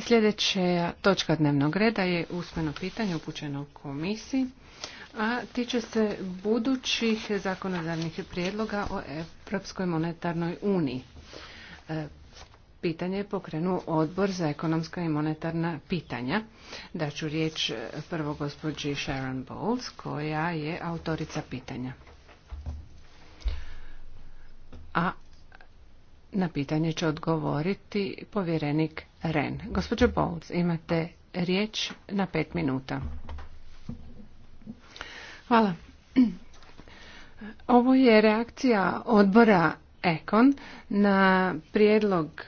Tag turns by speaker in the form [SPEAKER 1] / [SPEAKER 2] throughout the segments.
[SPEAKER 1] Sljedeća točka dnevnog reda je usmeno pitanje upućeno komisiji, a tiče se budućih zakonodavnih prijedloga o Europskoj monetarnoj uniji. E, pitanje je pokrenuo odbor za ekonomska i monetarna pitanja. Daću riječ e, prvo gospođi Sharon Bowles, koja je autorica pitanja. A na pitanje će odgovoriti povjerenik Ren. Gospođo Bowles, imate riječ na pet minuta. Hvala. Ovo je reakcija odbora Econ na prijedlog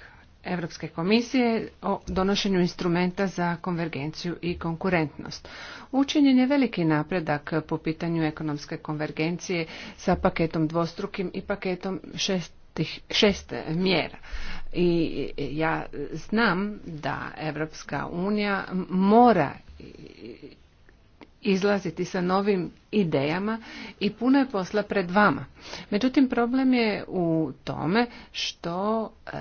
[SPEAKER 1] Europske komisije o donošenju instrumenta za konvergenciju i konkurentnost. Učinjen je veliki napredak po pitanju ekonomske konvergencije sa paketom dvostrukim i paketom šest tih šest mjera. I ja znam da Evropska unija mora izlaziti sa novim idejama i puno je posla pred vama. Međutim, problem je u tome što e,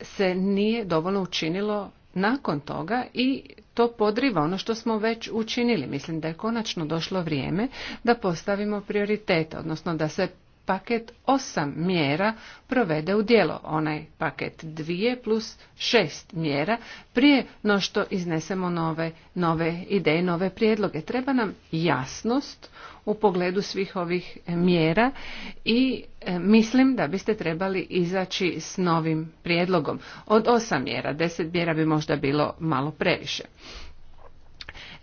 [SPEAKER 1] se nije dovoljno učinilo nakon toga i to podriva ono što smo već učinili. Mislim da je konačno došlo vrijeme da postavimo prioritete, odnosno da se paket osam mjera provede u djelo, onaj paket dvije plus šest mjera, prije no što iznesemo nove, nove ideje, nove prijedloge. Treba nam jasnost u pogledu svih ovih mjera i e, mislim da biste trebali izaći s novim prijedlogom. Od osam mjera, deset mjera bi možda bilo malo previše.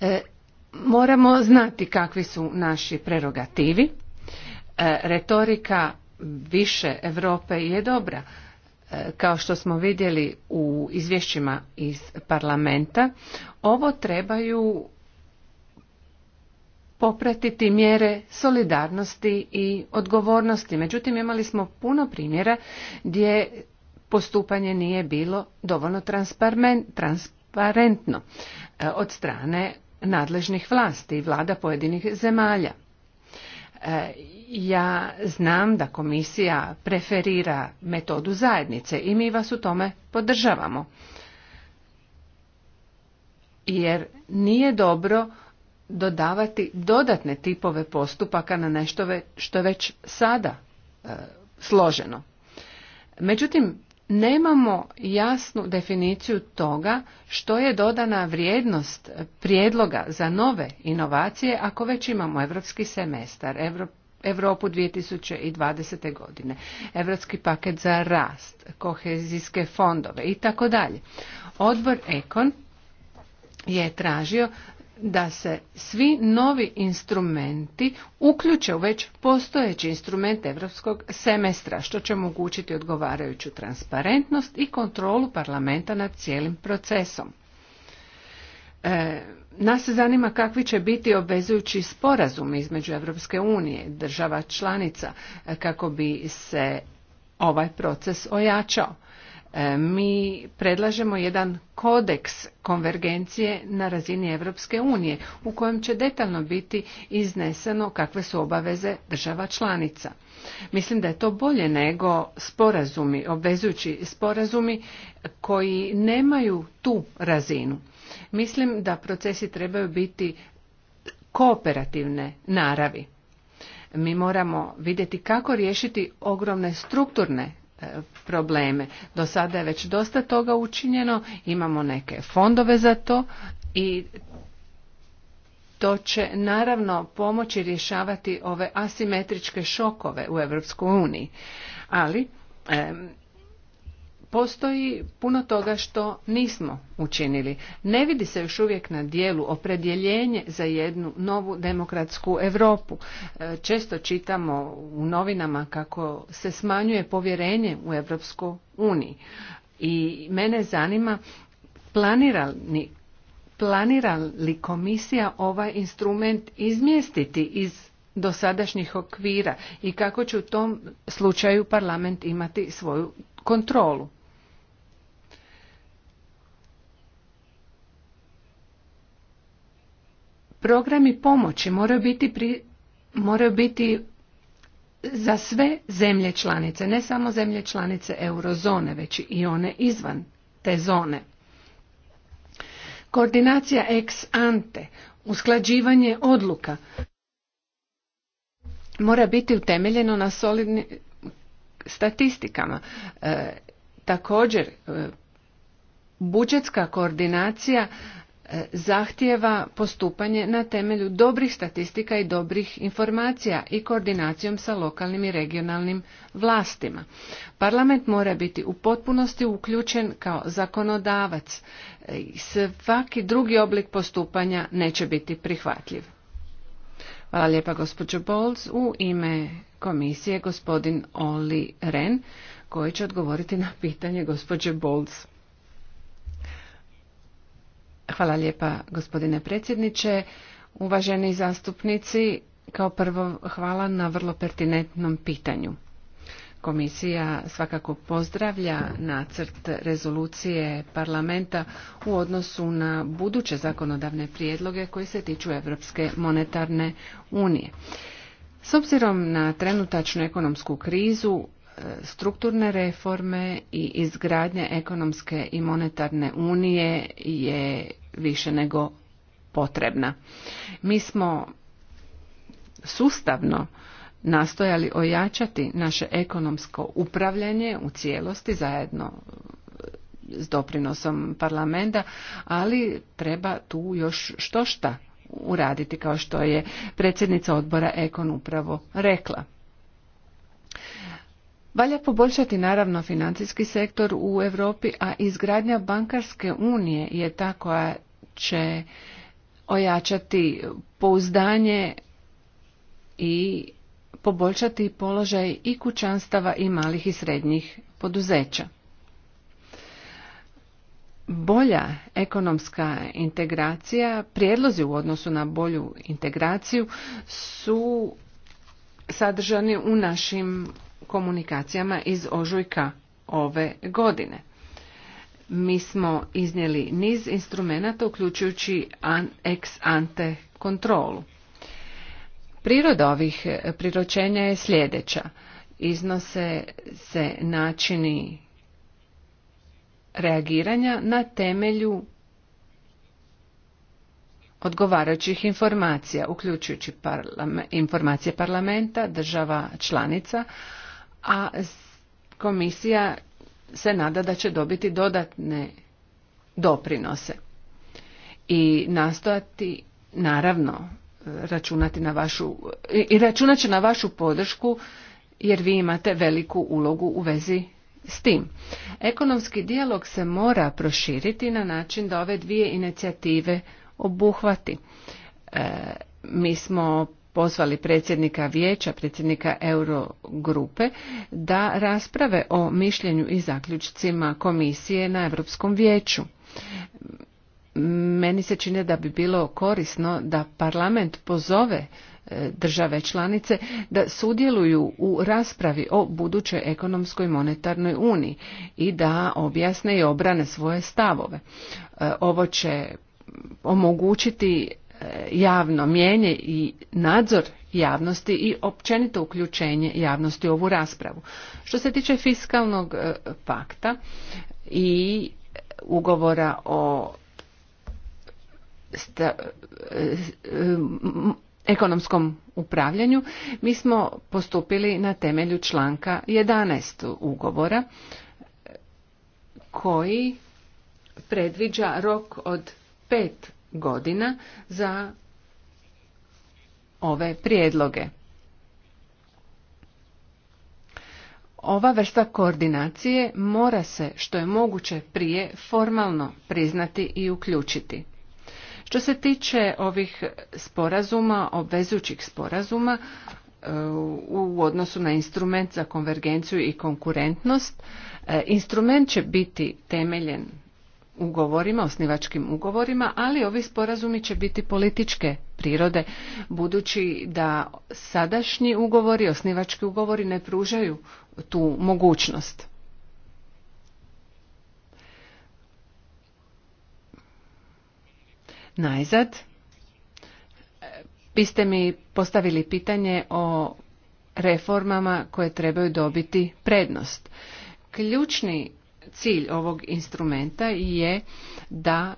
[SPEAKER 1] E, moramo znati kakvi su naši prerogativi E, retorika više Europe je dobra. E, kao što smo vidjeli u izvješćima iz parlamenta, ovo trebaju popratiti mjere solidarnosti i odgovornosti. Međutim, imali smo puno primjera gdje postupanje nije bilo dovoljno transparentno e, od strane nadležnih vlasti i vlada pojedinih zemalja. E, ja znam da komisija preferira metodu zajednice i mi vas u tome podržavamo. Jer nije dobro dodavati dodatne tipove postupaka na nešto što je već sada e, složeno. Međutim, nemamo jasnu definiciju toga što je dodana vrijednost prijedloga za nove inovacije ako već imamo europski semestar, Europu 2020. godine, Europski paket za rast, kohezijske fondove i tako dalje. Odbor Ekon je tražio da se svi novi instrumenti uključe u već postojeći instrument europskog semestra, što će omogućiti odgovarajuću transparentnost i kontrolu parlamenta nad cijelim procesom. E, nas zanima kakvi će biti obvezujući sporazum između Europske unije, država članica, e, kako bi se ovaj proces ojačao. E, mi predlažemo jedan kodeks konvergencije na razini Europske unije u kojem će detaljno biti izneseno kakve su obaveze država članica. Mislim da je to bolje nego sporazumi, obvezujući sporazumi koji nemaju tu razinu. Mislim da procesi trebaju biti kooperativne naravi. Mi moramo vidjeti kako riješiti ogromne strukturne E, probleme. Do sada je već dosta toga učinjeno, imamo neke fondove za to i to će naravno pomoći rješavati ove asimetričke šokove u EU, uniji. Ali postoji puno toga što nismo učinili. Ne vidi se još uvijek na dijelu opredjeljenje za jednu novu demokratsku Europu. E, često čitamo u novinama kako se smanjuje povjerenje u Europsku Uniji. I mene zanima planira planira li komisija ovaj instrument izmjestiti iz dosadašnjih okvira i kako će u tom slučaju parlament imati svoju kontrolu. Programi pomoći moraju biti, pri, moraju biti za sve zemlje članice, ne samo zemlje članice eurozone, već i one izvan te zone. Koordinacija ex ante, usklađivanje odluka, mora biti utemeljeno na solidnim statistikama. E, također, e, budžetska koordinacija E, zahtijeva postupanje na temelju dobrih statistika i dobrih informacija i koordinacijom sa lokalnim i regionalnim vlastima. Parlament mora biti u potpunosti uključen kao zakonodavac. E, svaki drugi oblik postupanja neće biti prihvatljiv. Hvala lijepa gospođo Bolz. U ime komisije gospodin Oli Ren koji će odgovoriti na pitanje gospođe Bolz. Hvala lijepa gospodine predsjedniče. Uvaženi zastupnici, kao prvo hvala na vrlo pertinentnom pitanju. Komisija svakako pozdravlja nacrt rezolucije parlamenta u odnosu na buduće zakonodavne prijedloge koji se tiču Europske monetarne unije. S obzirom na trenutačnu ekonomsku krizu, strukturne reforme i izgradnje ekonomske i monetarne unije je više nego potrebna. Mi smo sustavno nastojali ojačati naše ekonomsko upravljanje u cijelosti zajedno e, s doprinosom parlamenta, ali treba tu još što šta uraditi kao što je predsjednica odbora Ekon upravo rekla. Valja poboljšati naravno financijski sektor u Europi, a izgradnja bankarske unije je ta koja će ojačati pouzdanje i poboljšati položaj i kućanstava i malih i srednjih poduzeća. Bolja ekonomska integracija, prijedlozi u odnosu na bolju integraciju su sadržani u našim komunikacijama iz ožujka ove godine. Mi smo iznijeli niz instrumenata uključujući ex ante kontrolu. Priroda ovih priročenja je sljedeća. Iznose se načini reagiranja na temelju odgovarajućih informacija, uključujući informacije parlamenta, država članica, a komisija se nada da će dobiti dodatne doprinose i nastojati naravno računati na vašu i računat će na vašu podršku jer vi imate veliku ulogu u vezi s tim. Ekonomski dijalog se mora proširiti na način da ove dvije inicijative obuhvati. E, mi smo pozvali predsjednika vijeća, predsjednika Eurogrupe, da rasprave o mišljenju i zaključcima komisije na Europskom vijeću. Meni se čini da bi bilo korisno da parlament pozove e, države članice da sudjeluju u raspravi o budućoj ekonomskoj monetarnoj uniji i da objasne i obrane svoje stavove. E, ovo će omogućiti javno mjenje i nadzor javnosti i općenito uključenje javnosti u ovu raspravu. Što se tiče fiskalnog e, pakta i ugovora o e, ekonomskom upravljanju, mi smo postupili na temelju članka 11 ugovora e, koji predviđa rok od pet godina za ove prijedloge. Ova vrsta koordinacije mora se što je moguće prije formalno priznati i uključiti. Što se tiče ovih sporazuma, obvezujućih sporazuma e, u odnosu na instrument za konvergenciju i konkurentnost, e, instrument će biti temeljen ugovorima, osnivačkim ugovorima, ali ovi sporazumi će biti političke prirode, budući da sadašnji ugovori, osnivački ugovori ne pružaju tu mogućnost. Najzad, vi ste mi postavili pitanje o reformama koje trebaju dobiti prednost. Ključni cilj ovog instrumenta je da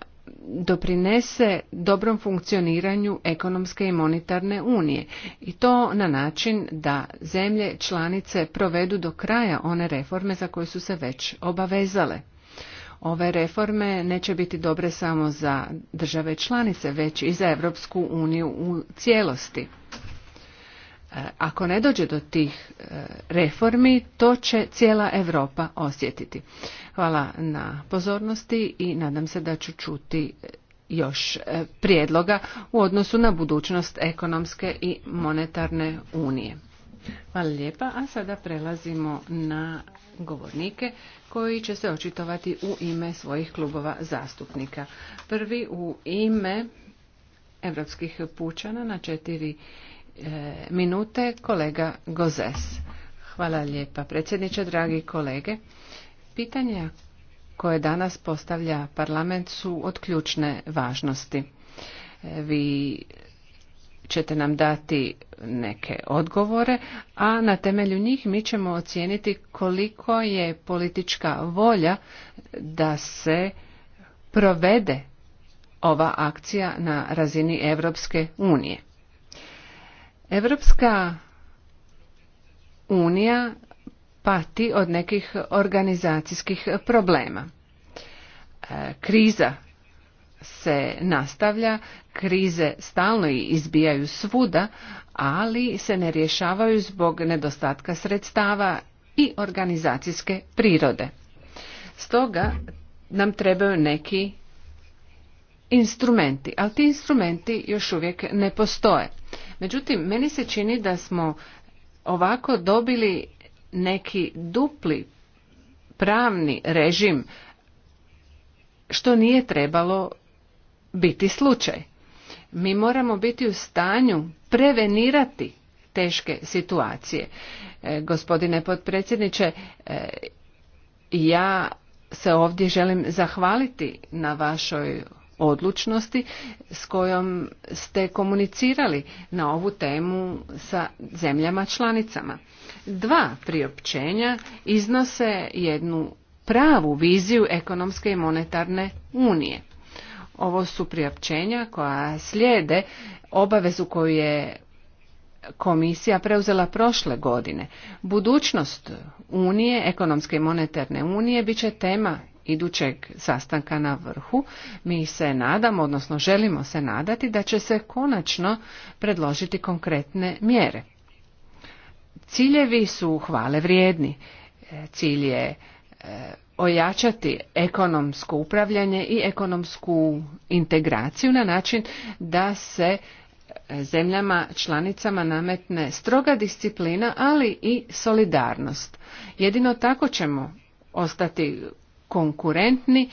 [SPEAKER 1] doprinese dobrom funkcioniranju ekonomske i monetarne unije i to na način da zemlje članice provedu do kraja one reforme za koje su se već obavezale. Ove reforme neće biti dobre samo za države članice, već i za Europsku uniju u cijelosti. E, ako ne dođe do tih e, reformi, to će cijela Europa osjetiti. Hvala na pozornosti i nadam se da ću čuti e, još prijedloga u odnosu na budućnost ekonomske i monetarne unije. Hvala lijepa, a sada prelazimo na govornike koji će se očitovati u ime svojih klubova zastupnika. Prvi u ime evropskih pučana na četiri E, minute kolega Gozes. Hvala lijepa predsjedniče, dragi kolege. Pitanja koje danas postavlja parlament su od ključne važnosti. E, vi ćete nam dati neke odgovore, a na temelju njih mi ćemo ocijeniti koliko je politička volja da se provede ova akcija na razini Europske unije. Evropska unija pati od nekih organizacijskih problema. E, kriza se nastavlja, krize stalno izbijaju svuda, ali se ne rješavaju zbog nedostatka sredstava i organizacijske prirode. Stoga nam trebaju neki instrumenti, ali ti instrumenti još uvijek ne postoje. Međutim, meni se čini da smo ovako dobili neki dupli pravni režim što nije trebalo biti slučaj. Mi moramo biti u stanju prevenirati teške situacije. E, gospodine potpredsjedniče, e, ja se ovdje želim zahvaliti na vašoj odlučnosti s kojom ste komunicirali na ovu temu sa zemljama članicama. Dva priopćenja iznose jednu pravu viziju ekonomske i monetarne unije. Ovo su priopćenja koja slijede obavezu koju je komisija preuzela prošle godine. Budućnost Unije, ekonomske i monetarne unije, bit će tema idućeg sastanka na vrhu. Mi se nadamo, odnosno želimo se nadati da će se konačno predložiti konkretne mjere. Ciljevi su hvale vrijedni. E, cilj je e, ojačati ekonomsko upravljanje i ekonomsku integraciju na način da se e, zemljama članicama nametne stroga disciplina, ali i solidarnost. Jedino tako ćemo ostati konkurentni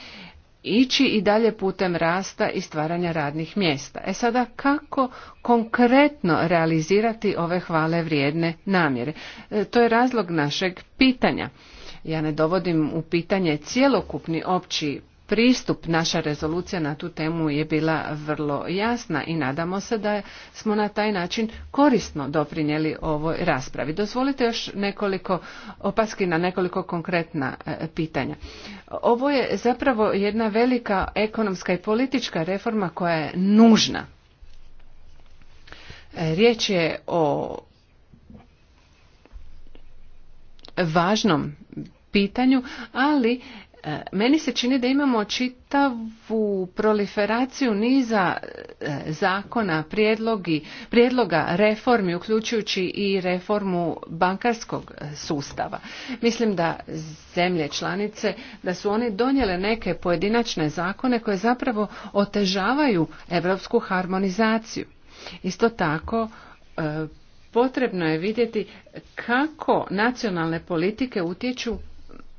[SPEAKER 1] ići i dalje putem rasta i stvaranja radnih mjesta. E sada kako konkretno realizirati ove hvale vrijedne namjere? E, to je razlog našeg pitanja. Ja ne dovodim u pitanje cjelokupni opći pristup. Naša rezolucija na tu temu je bila vrlo jasna i nadamo se da smo na taj način korisno doprinijeli ovoj raspravi. Dozvolite još nekoliko opaski na nekoliko konkretna e, pitanja. Ovo je zapravo jedna velika ekonomska i politička reforma koja je nužna. E, riječ je o važnom pitanju, ali E, meni se čini da imamo čitavu proliferaciju niza e, zakona, prijedlogi, prijedloga reformi, uključujući i reformu bankarskog e, sustava. Mislim da zemlje članice, da su one donijele neke pojedinačne zakone koje zapravo otežavaju evropsku harmonizaciju. Isto tako, potrebno je vidjeti kako nacionalne politike utječu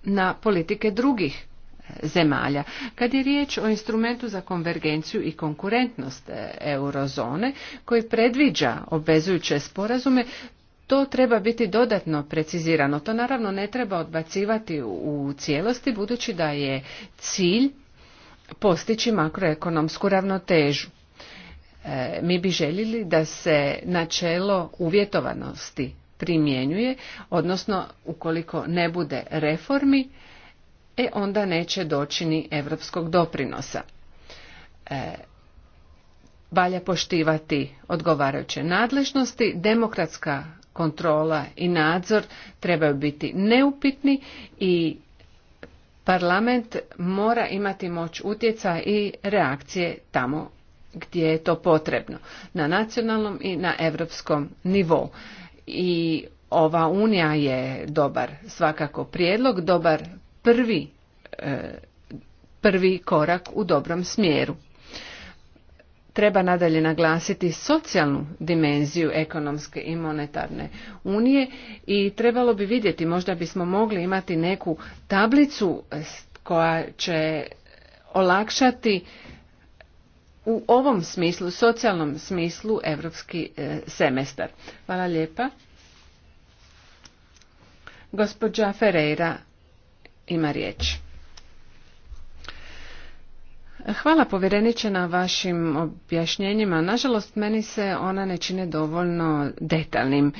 [SPEAKER 1] na politike drugih e, zemalja. Kad je riječ o instrumentu za konvergenciju i konkurentnost e, eurozone koji predviđa obvezujuće sporazume, to treba biti dodatno precizirano. To naravno ne treba odbacivati u cijelosti budući da je cilj postići makroekonomsku ravnotežu. E, mi bi željeli da se načelo uvjetovanosti primjenjuje, odnosno ukoliko ne bude reformi, e onda neće doći ni europskog doprinosa. E, valja poštivati odgovarajuće nadležnosti, demokratska kontrola i nadzor trebaju biti neupitni i parlament mora imati moć utjeca i reakcije tamo gdje je to potrebno, na nacionalnom i na europskom nivou i ova unija je dobar svakako prijedlog, dobar prvi, e, prvi korak u dobrom smjeru. Treba nadalje naglasiti socijalnu dimenziju ekonomske i monetarne unije i trebalo bi vidjeti, možda bismo mogli imati neku tablicu koja će olakšati u ovom smislu, socijalnom smislu, evropski e, semestar. Hvala lijepa. Gospođa Ferreira ima riječ. Hvala povjereniče na vašim objašnjenjima. Nažalost, meni se ona ne čine dovoljno detaljnim.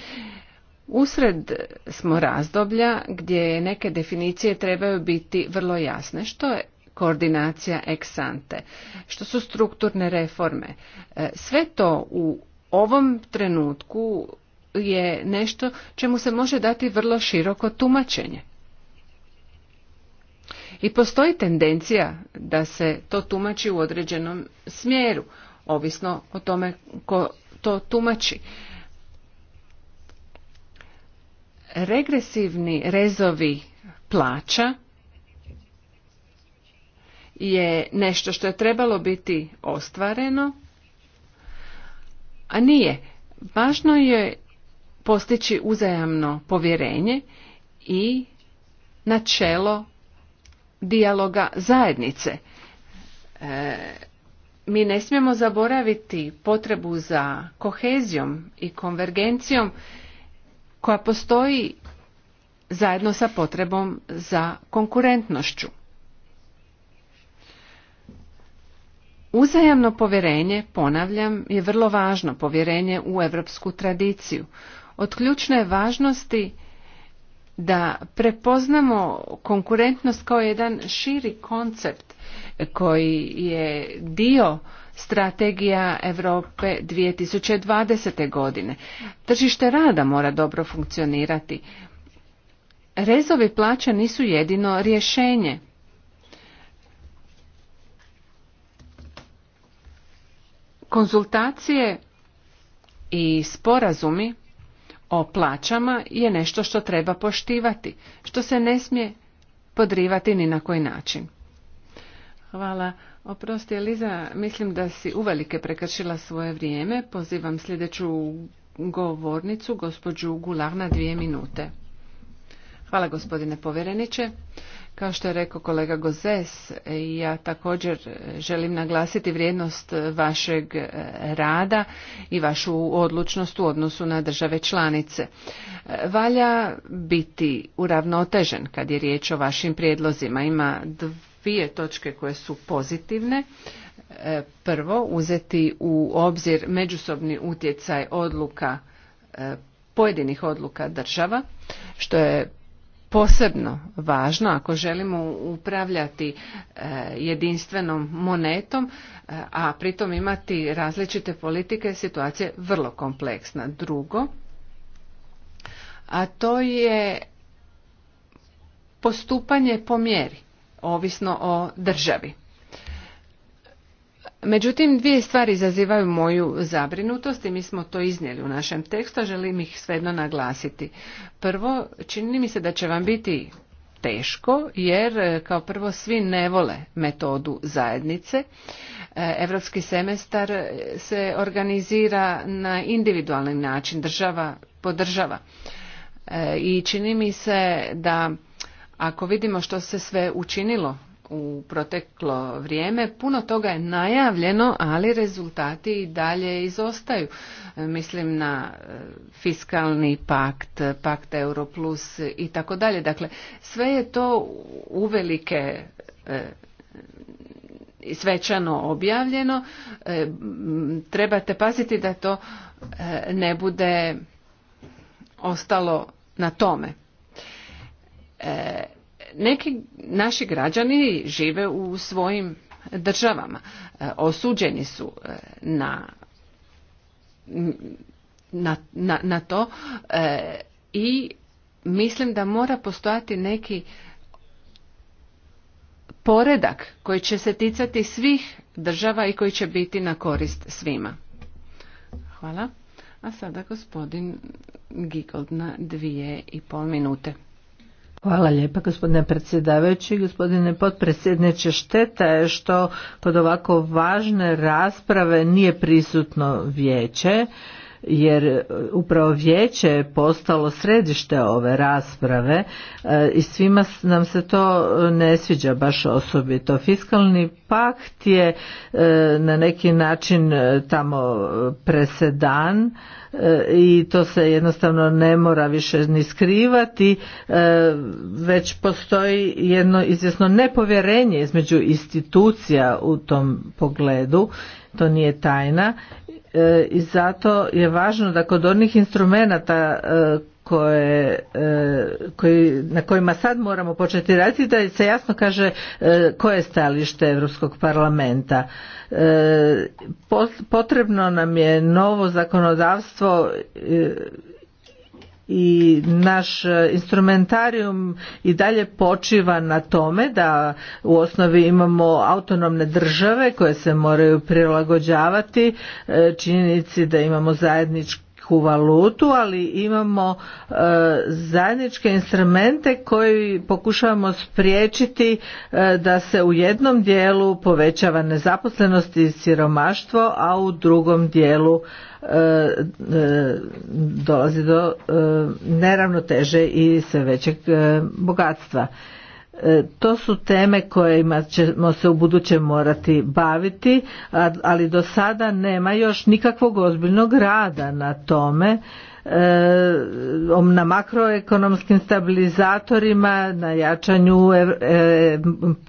[SPEAKER 1] Usred smo razdoblja gdje neke definicije trebaju biti vrlo jasne. Što je koordinacija ex ante, što su strukturne reforme. E, sve to u ovom trenutku je nešto čemu se može dati vrlo široko tumačenje. I postoji tendencija da se to tumači u određenom smjeru, ovisno o tome ko to tumači. Regresivni rezovi plaća je nešto što je trebalo biti ostvareno, a nije. Važno je postići uzajamno povjerenje i načelo dijaloga zajednice. E, mi ne smijemo zaboraviti potrebu za kohezijom i konvergencijom koja postoji zajedno sa potrebom za konkurentnošću. Uzajamno povjerenje, ponavljam, je vrlo važno povjerenje u europsku tradiciju. Od ključne je važnosti da prepoznamo konkurentnost kao jedan širi koncept koji je dio strategija Europe 2020. godine. Tržište rada mora dobro funkcionirati. Rezovi plaća nisu jedino rješenje. Konzultacije i sporazumi o plaćama je nešto što treba poštivati, što se ne smije podrivati ni na koji način. Hvala. Oprosti, Eliza, mislim da si uvelike prekršila svoje vrijeme. Pozivam sljedeću govornicu, gospođu Gular, na dvije minute. Hvala, gospodine povjereniče. Kao što je rekao kolega Gozes, ja također želim naglasiti vrijednost vašeg e, rada i vašu odlučnost u odnosu na države članice. E, valja biti uravnotežen kad je riječ o vašim prijedlozima. Ima dvije točke koje su pozitivne. E, prvo, uzeti u obzir međusobni utjecaj odluka pojedinih odluka država, što je posebno važno ako želimo upravljati e, jedinstvenom monetom, e, a pritom imati različite politike, situacija je vrlo kompleksna. Drugo, a to je postupanje po mjeri, ovisno o državi. Međutim, dvije stvari izazivaju moju zabrinutost i mi smo to iznijeli u našem tekstu, a želim ih svejedno naglasiti. Prvo, čini mi se da će vam biti teško jer e, kao prvo svi ne vole metodu zajednice. Europski semestar e, se organizira na individualni način, država podržava. E, I čini mi se da ako vidimo što se sve učinilo u proteklo vrijeme. Puno toga je najavljeno, ali rezultati i dalje izostaju. Mislim na e, fiskalni pakt, pakt Euro i tako dalje. Dakle, sve je to uvelike e, svečano objavljeno. E, trebate paziti da to ne bude ostalo na tome. Neki naši građani žive u svojim državama. E, osuđeni su e, na, na, na, to e, i mislim da mora postojati neki poredak koji će se ticati svih država i koji će biti na korist svima. Hvala. A sada gospodin Gigold na dvije i pol minute.
[SPEAKER 2] Hvala lijepa gospodine predsjedavajući. Gospodine potpredsjedniče, šteta je što kod ovako važne rasprave nije prisutno vijeće jer e, upravo vijeće je postalo središte ove rasprave e, i svima nam se to e, ne sviđa baš osobito. Fiskalni pakt je na neki način tamo presedan i to se jednostavno ne mora više ni skrivati već postoji jedno izvjesno nepovjerenje između institucija u tom pogledu to nije tajna E, i zato je važno da kod onih instrumenata e, koje, e, koji, na kojima sad moramo početi raditi da se jasno kaže koje je stajalište Europskog parlamenta. Potrebno nam je novo zakonodavstvo i naš e, instrumentarium i dalje počiva na tome da u osnovi imamo autonomne države koje se moraju prilagođavati e, činjenici da imamo zajedničku valutu, ali imamo e, zajedničke instrumente koji pokušavamo spriječiti e, da se u jednom dijelu povećava nezaposlenost i siromaštvo, a u drugom dijelu e, dolazi do neravnoteže i sve većeg bogatstva. E, to su teme kojima ćemo se u budućem morati baviti, ali do sada nema još nikakvog ozbiljnog rada na tome E, na makroekonomskim stabilizatorima, na jačanju e,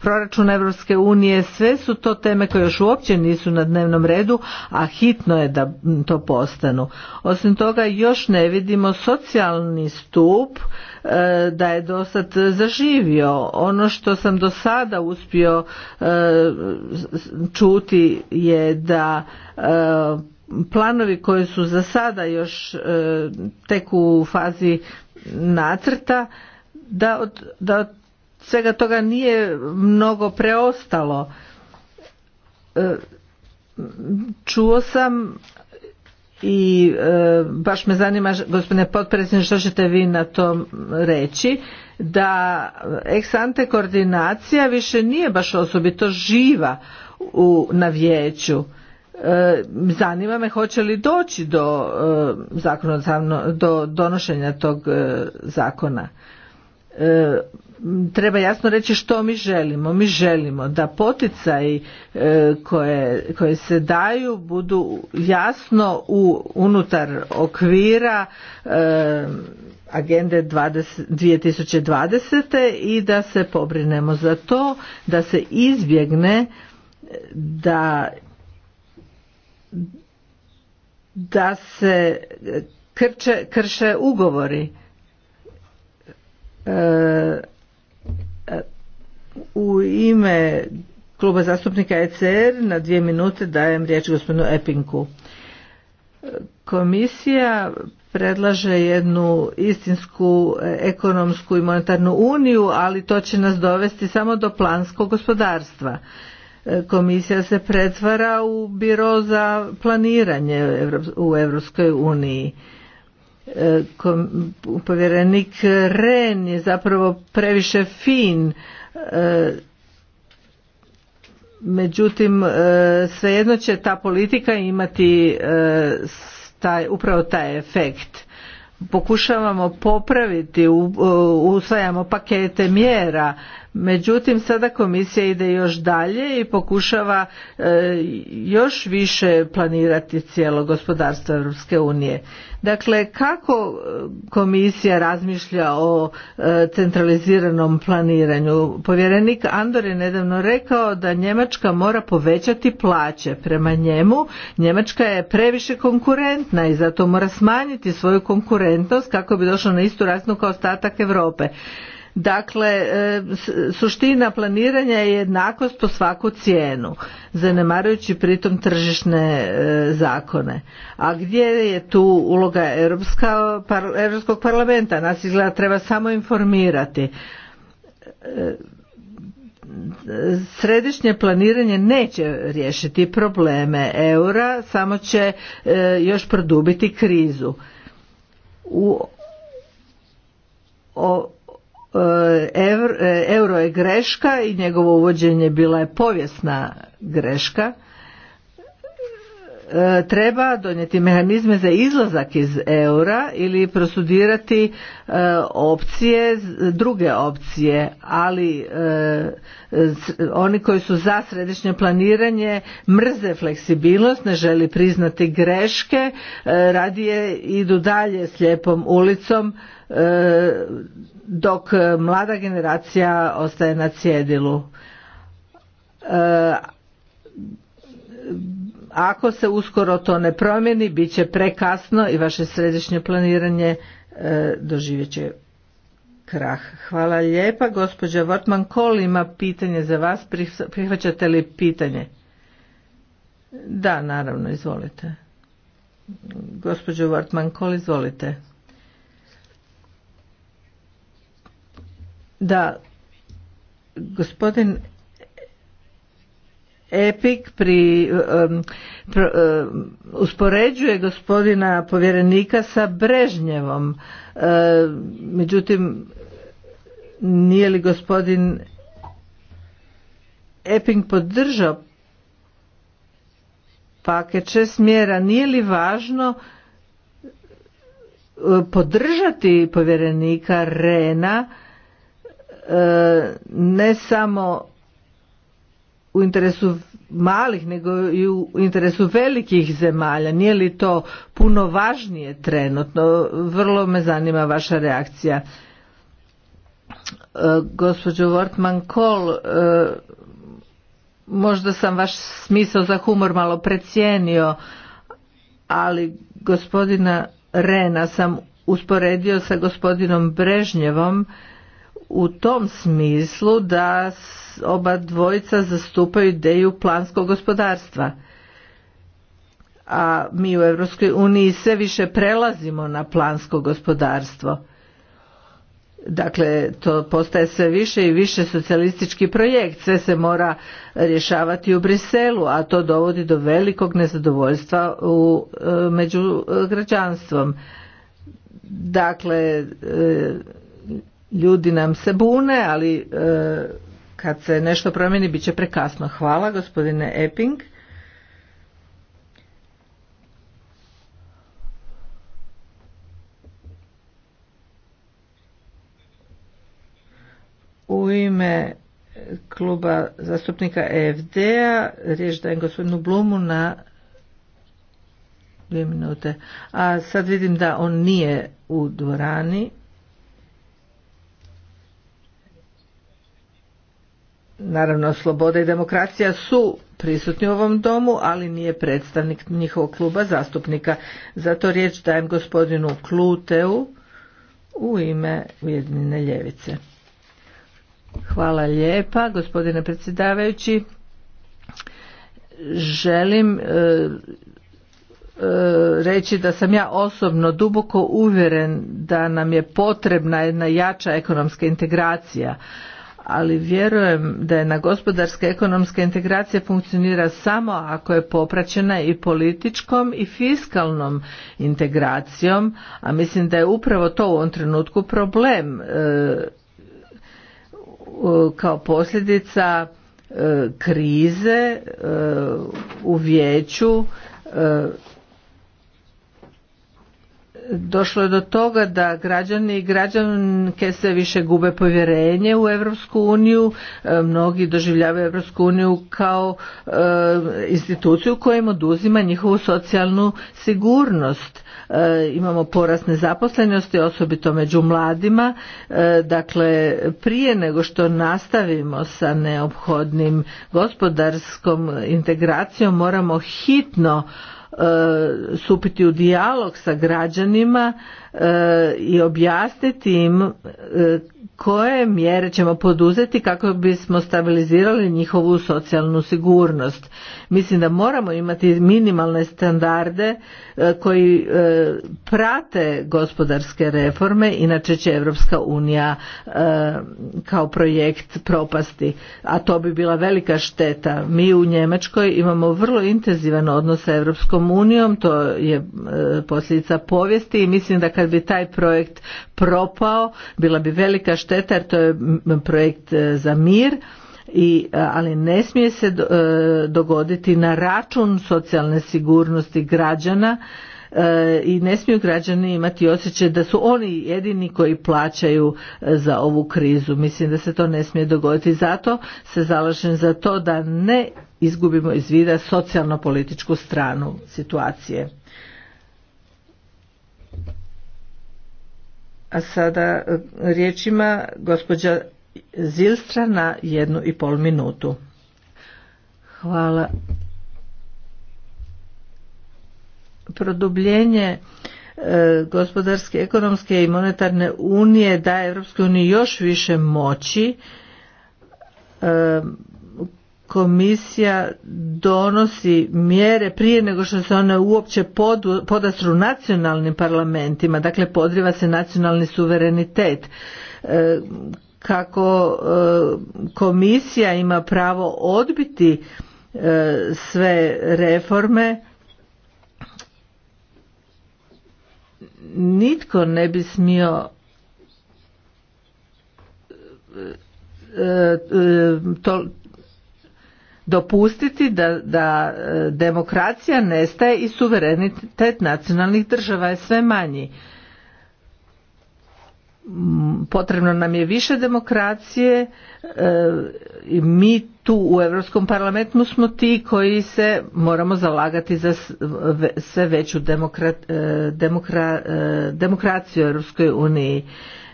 [SPEAKER 2] proračuna Europske unije, sve su to teme koje još uopće nisu na dnevnom redu, a hitno je da to postanu. Osim toga još ne vidimo socijalni stup e, da je dosad zaživio. Ono što sam do sada uspio čuti je da planovi koji su za sada još e, tek u fazi nacrta da od, da svega toga nije mnogo preostalo e, čuo sam i e, baš me zanima gospodine potpredsjedniče što ćete vi na to reći da ex ante koordinacija više nije baš osobito živa u, na vijeću E, zanima me hoće li doći do e, zakonodavno do donošenja tog e, zakona treba jasno reći što mi želimo mi želimo da poticaji koje, koje se daju budu jasno u unutar okvira agende 20, 2020 i da se pobrinemo za to da se izbjegne da da se e, krše ugovori e, e, u ime kluba zastupnika ECR na dvije minute dajem riječ gospodinu Epinku komisija predlaže jednu istinsku ekonomsku i monetarnu uniju ali to će nas dovesti samo do planskog gospodarstva komisija se pretvara u biro za planiranje u Europskoj uniji. E, povjerenik Ren je zapravo previše fin e, međutim e, svejedno će ta politika imati taj, upravo taj efekt pokušavamo popraviti usvajamo pakete mjera Međutim, sada komisija ide još dalje i pokušava e, još više planirati cijelo gospodarstvo Europske unije. Dakle, kako e, komisija razmišlja o e, centraliziranom planiranju? Povjerenik Andor je nedavno rekao da Njemačka mora povećati plaće. Prema njemu, Njemačka je previše konkurentna i zato mora smanjiti svoju konkurentnost kako bi došla na istu rasnu kao ostatak Europe. Dakle, e, suština planiranja je jednakost po svaku cijenu, zanemarujući pritom tržišne e, zakone. A gdje je tu uloga Europskog parlamenta? Nas izgleda treba samo informirati e, središnje planiranje neće riješiti probleme eura, samo će još produbiti krizu. U o Eh, eh, euro je greška i njegovo uvođenje bila je povijesna greška E, treba donijeti mehanizme za izlazak iz eura ili prosudirati e, opcije, druge opcije, ali e, oni koji su za središnje planiranje mrze fleksibilnost, ne želi priznati greške, radije idu dalje slijepom ulicom dok mlada generacija ostaje na cjedilu ako se uskoro to ne promijeni, bit će prekasno i vaše središnje planiranje e, doživjet će krah. Hvala lijepa. Gospođa vortman Kol ima pitanje za vas. Prihvaćate li pitanje? Da, naravno, izvolite. Gospođo vortman Kol, izvolite. Da, gospodin Epik pri, um, um, uspoređuje gospodina povjerenika sa Brežnjevom. Uh, međutim, nije li gospodin Epping podržao pakeće smjera? Nije li važno uh, podržati povjerenika Rena uh, ne samo u interesu malih nego i u interesu velikih zemalja. Nije li to puno važnije trenutno? Vrlo me zanima vaša reakcija. E, gospođo Wortman Kol, e, možda sam vaš smisao za humor malo precijenio, ali gospodina Rena sam usporedio sa gospodinom Brežnjevom u tom smislu da oba dvojica zastupaju ideju planskog gospodarstva. A mi u Europskoj uniji sve više prelazimo na plansko gospodarstvo. Dakle, to postaje sve više i više socijalistički projekt, sve se mora rješavati u Briselu, a to dovodi do velikog nezadovoljstva u, e, među e, građanstvom. Dakle, e, ljudi nam se bune, ali e, kad se nešto promijeni bit će prekasno. Hvala gospodine Epping. U ime kluba zastupnika EFD-a riječ dajem gospodinu Blumu na dvije minute. A sad vidim da on nije u dvorani. naravno sloboda i demokracija su prisutni u ovom domu, ali nije predstavnik njihovog kluba zastupnika. Zato riječ dajem gospodinu Kluteu u ime Ujedinjene ljevice. Hvala lijepa, gospodine predsjedavajući. Želim e, e, reći da sam ja osobno duboko uvjeren da nam je potrebna jedna jača ekonomska integracija ali vjerujem da je na gospodarska ekonomska integracija funkcionira samo ako je popraćena i političkom i fiskalnom integracijom, a mislim da je upravo to u ovom trenutku problem e, kao posljedica e, krize e, u vijeću došlo je do toga da građani i građanke sve više gube povjerenje u Europsku uniju, e, mnogi doživljavaju Europsku uniju kao e, instituciju koja im oduzima njihovu socijalnu sigurnost. E, imamo porast nezaposlenosti, osobito među mladima. dakle, prije nego što nastavimo sa neophodnim gospodarskom integracijom moramo hitno stupiti u dijalog sa građanima E, i objasniti im e, koje mjere ćemo poduzeti kako bismo stabilizirali njihovu socijalnu sigurnost. Mislim da moramo imati minimalne standarde e, koji prate gospodarske reforme, inače će Europska unija kao projekt propasti, a to bi bila velika šteta. Mi u Njemačkoj imamo vrlo intenzivan odnos sa Europskom unijom, to je posljedica povijesti i mislim da kad kad bi taj projekt propao bila bi velika šteta jer to je projekt e, za mir i e, ali ne smije se e, dogoditi na račun socijalne sigurnosti građana i ne smiju građani imati osjećaj da su oni jedini koji plaćaju za ovu krizu. Mislim da se to ne smije dogoditi. Zato se zalažem za to da ne izgubimo iz vida socijalno-političku stranu situacije. A sada e, riječima gospođa Zilstra na jednu i pol minutu. Hvala. Produbljenje e, gospodarske, ekonomske i monetarne unije daje Europskoj uniji još više moći. E, komisija donosi mjere prije nego što se one uopće podastru nacionalnim parlamentima, dakle podriva se nacionalni suverenitet. E, kako e, komisija ima pravo odbiti e, sve reforme, nitko ne bi smio to, dopustiti da, da e, demokracija nestaje i suverenitet nacionalnih država je sve manji potrebno nam je više demokracije e, i mi tu u Europskom parlamentu smo ti koji se moramo zalagati za sve veću demokra, e, demokraciju u Europskoj uniji.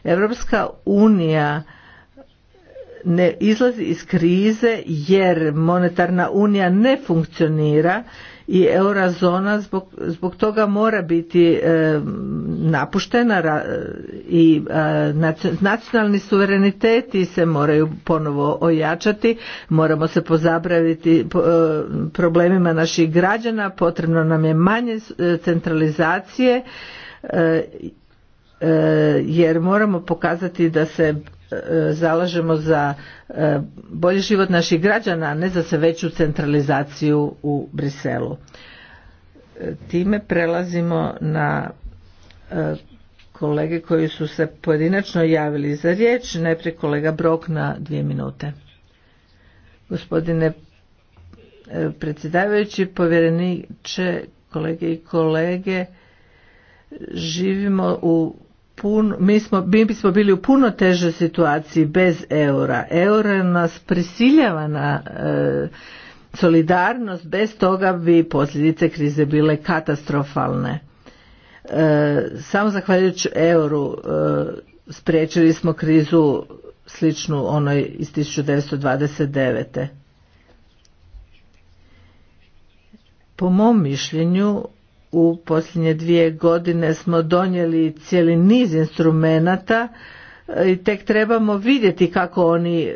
[SPEAKER 2] Europska unija ne izlazi iz krize jer monetarna unija ne funkcionira i eurozona zbog, zbog toga mora biti e, napuštena e, i e, nacionalni suvereniteti se moraju ponovo ojačati moramo se pozabraviti problemima naših građana potrebno nam je manje centralizacije E, jer moramo pokazati da se e, zalažemo za e, bolji život naših građana, a ne za sve veću centralizaciju u Briselu. Time prelazimo na kolege koji su se pojedinačno javili za riječ. Najprije kolega Brok na dvije minute. Gospodine predsjedavajući, povjereniče, kolege i kolege, živimo u mi, bismo bili u puno težoj situaciji bez eura. Euro nas prisiljava na e, solidarnost, bez toga bi posljedice krize bile katastrofalne. E, samo zahvaljujući euru e, spriječili smo krizu sličnu onoj iz 1929. Po mom mišljenju u posljednje dvije godine smo donijeli cijeli niz instrumenata e, i tek trebamo vidjeti kako oni e,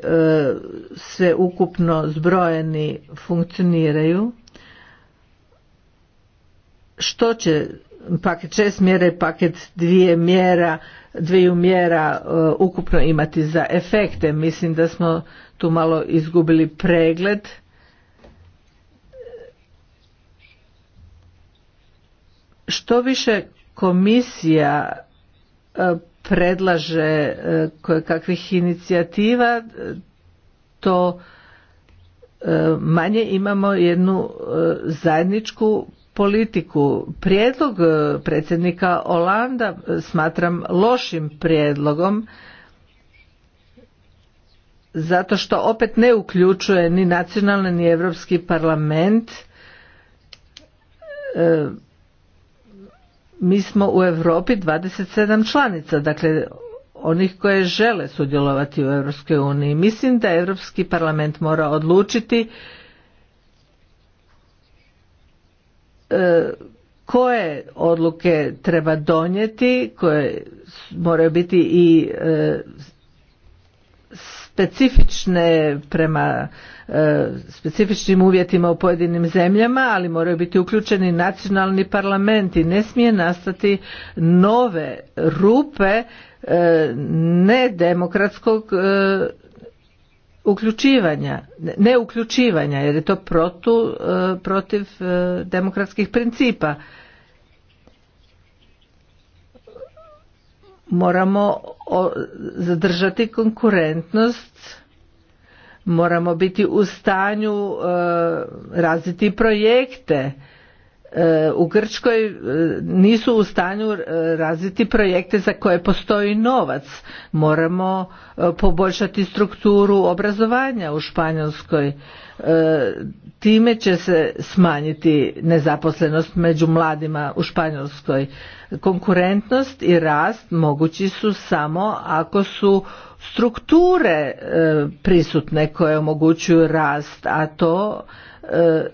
[SPEAKER 2] sve ukupno zbrojeni funkcioniraju. Što će paket šest mjera i paket dvije mjera, dviju mjera e, ukupno imati za efekte? Mislim da smo tu malo izgubili pregled što više komisija e, predlaže e, koje kakvih inicijativa e, to manje imamo jednu zajedničku politiku. Prijedlog predsjednika Olanda smatram lošim prijedlogom zato što opet ne uključuje ni nacionalni ni Europski parlament mi smo u Europi 27 članica, dakle onih koje žele sudjelovati u Europskoj uniji. Mislim da Europski parlament mora odlučiti e, koje odluke treba donijeti, koje moraju biti i e, specifične prema e, specifičnim uvjetima u pojedinim zemljama, ali moraju biti uključeni nacionalni parlamenti. Ne smije nastati nove rupe e, nedemokratskog e, uključivanja, ne uključivanja jer je to protiv demokratskih principa. moramo zadržati konkurentnost moramo biti u stanju e, razviti projekte e, u Grčkoj e, nisu u stanju razviti projekte za koje postoji novac. Moramo poboljšati strukturu obrazovanja u Španjolskoj. Time će se smanjiti nezaposlenost među mladima u Španjolskoj konkurentnost i rast mogući su samo ako su strukture e, prisutne koje omogućuju rast a to e,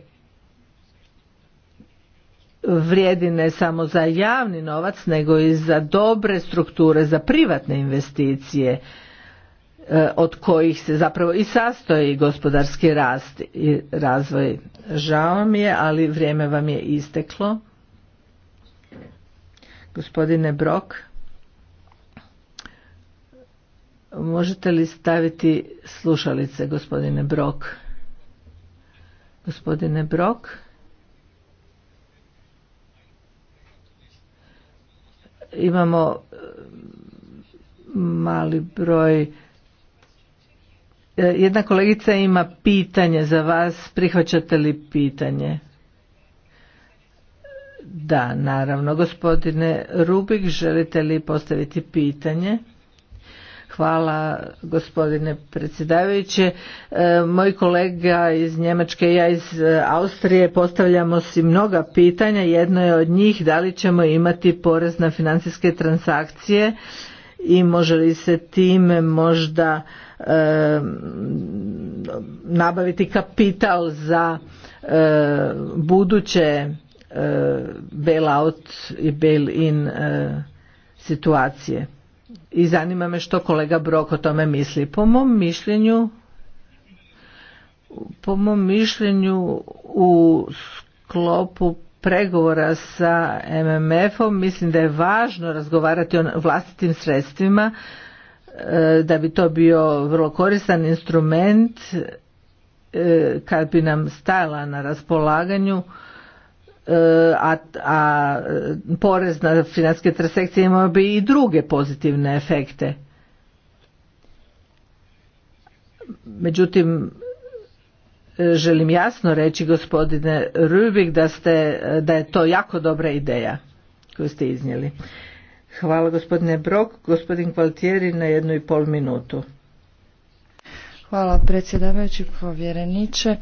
[SPEAKER 2] vrijedi ne samo za javni novac nego i za dobre strukture za privatne investicije e, od kojih se zapravo i sastoji gospodarski rast i razvoj. Žao mi je, ali vrijeme vam je isteklo. Gospodine Brok, možete li staviti slušalice, gospodine Brok? Gospodine Brok? Imamo eh, mali broj eh, jedna kolegica ima pitanje za vas, prihvaćate li pitanje? Da, naravno. Gospodine Rubik, želite li postaviti pitanje? Hvala gospodine predsjedavajuće. E, moj kolega iz Njemačke i ja iz e, Austrije postavljamo si mnoga pitanja. Jedno je od njih da li ćemo imati porez na financijske transakcije i može li se time možda e, nabaviti kapital za buduće Eh, bail-out i bail-in eh, situacije. I zanima me što kolega Brok o tome misli. Po mom mišljenju po mom mišljenju u sklopu pregovora sa MMF-om mislim da je važno razgovarati o vlastitim sredstvima eh, da bi to bio vrlo koristan instrument kad bi nam stajala na raspolaganju E, a, a porez na financijske transakcije imao bi i druge pozitivne efekte. Međutim, e, želim jasno reći gospodine Rubik da, ste, da je to jako dobra ideja koju ste iznijeli. Hvala gospodine Brok, gospodin Kvaltjeri na jednu i pol minutu.
[SPEAKER 3] Hvala predsjedavajući povjereniče.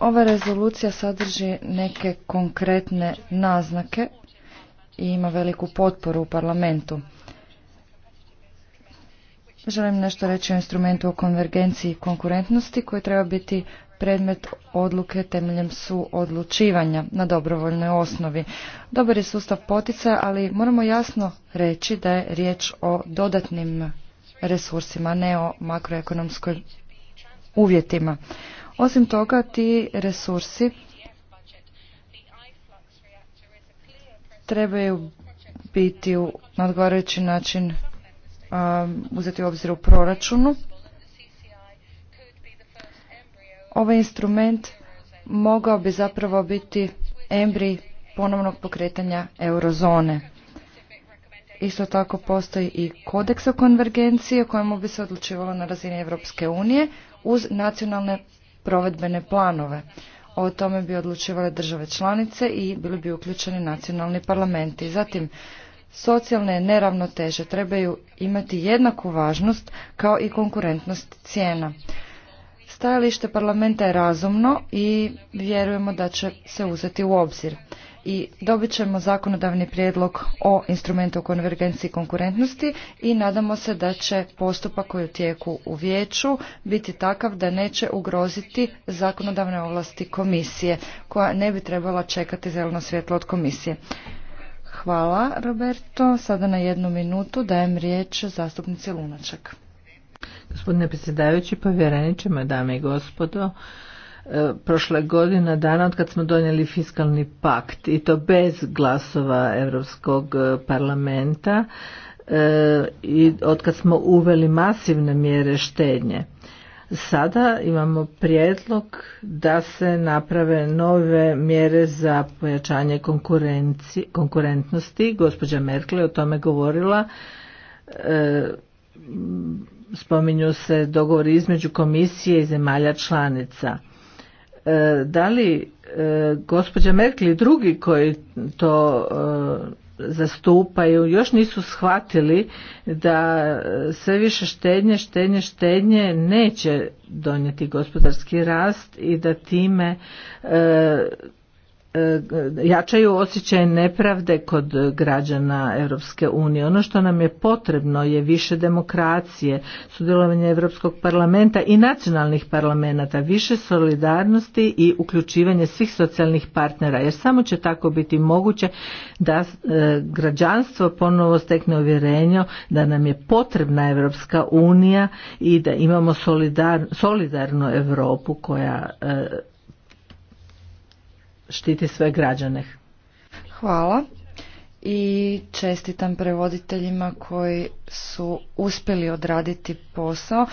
[SPEAKER 3] Ova rezolucija sadrži neke konkretne naznake i ima veliku potporu u parlamentu. Želim nešto reći o instrumentu o konvergenciji i konkurentnosti koji treba biti predmet odluke temeljem su odlučivanja na dobrovoljnoj osnovi. Dobar je sustav poticaja, ali moramo jasno reći da je riječ o dodatnim resursima, ne o makroekonomskoj uvjetima. Osim toga, ti resursi trebaju biti u, na odgovarajući način um, uzeti u obzir u proračunu. Ovaj instrument mogao bi zapravo biti embri ponovnog pokretanja eurozone. Isto tako postoji i kodeks o konvergenciji o kojemu bi se odlučivalo na razini Europske unije uz nacionalne provedbene planove. O tome bi odlučivale države članice i bili bi uključeni nacionalni parlamenti. Zatim, socijalne neravnoteže trebaju imati jednaku važnost kao i konkurentnost cijena. Stajalište parlamenta je razumno i vjerujemo da će se uzeti u obzir i dobit ćemo zakonodavni prijedlog o instrumentu o konvergenciji i konkurentnosti i nadamo se da će postupak koji u tijeku u vijeću biti takav da neće ugroziti zakonodavne ovlasti komisije koja ne bi trebala čekati zeleno svjetlo od komisije. Hvala Roberto. Sada na jednu minutu dajem riječ zastupnici Lunačak.
[SPEAKER 2] Gospodine predsjedavajući, povjereniče, dame i gospodo, E, prošle godina dana od kad smo donijeli fiskalni pakt i to bez glasova Europskog e, parlamenta e, i od kad smo uveli masivne mjere štednje. Sada imamo prijedlog da se naprave nove mjere za pojačanje konkurentnosti. Gospođa Merkel je o tome govorila. Spominju se dogovori između komisije i zemalja članica E, da li e, gospođa Merkel i drugi koji to e, zastupaju još nisu shvatili da sve više štednje, štednje, štednje neće donijeti gospodarski rast i da time E, jačaju osjećaj nepravde kod građana Europske unije. Ono što nam je potrebno je više demokracije, sudjelovanje Europskog parlamenta i nacionalnih parlamenta, više solidarnosti i uključivanje svih socijalnih partnera, jer samo će tako biti moguće da e, građanstvo ponovo stekne uvjerenje da nam je potrebna Europska unija i da imamo solidar, solidarnu Europu koja e, štiti sve građane.
[SPEAKER 3] Hvala i čestitam prevoditeljima koji su uspjeli odraditi posao,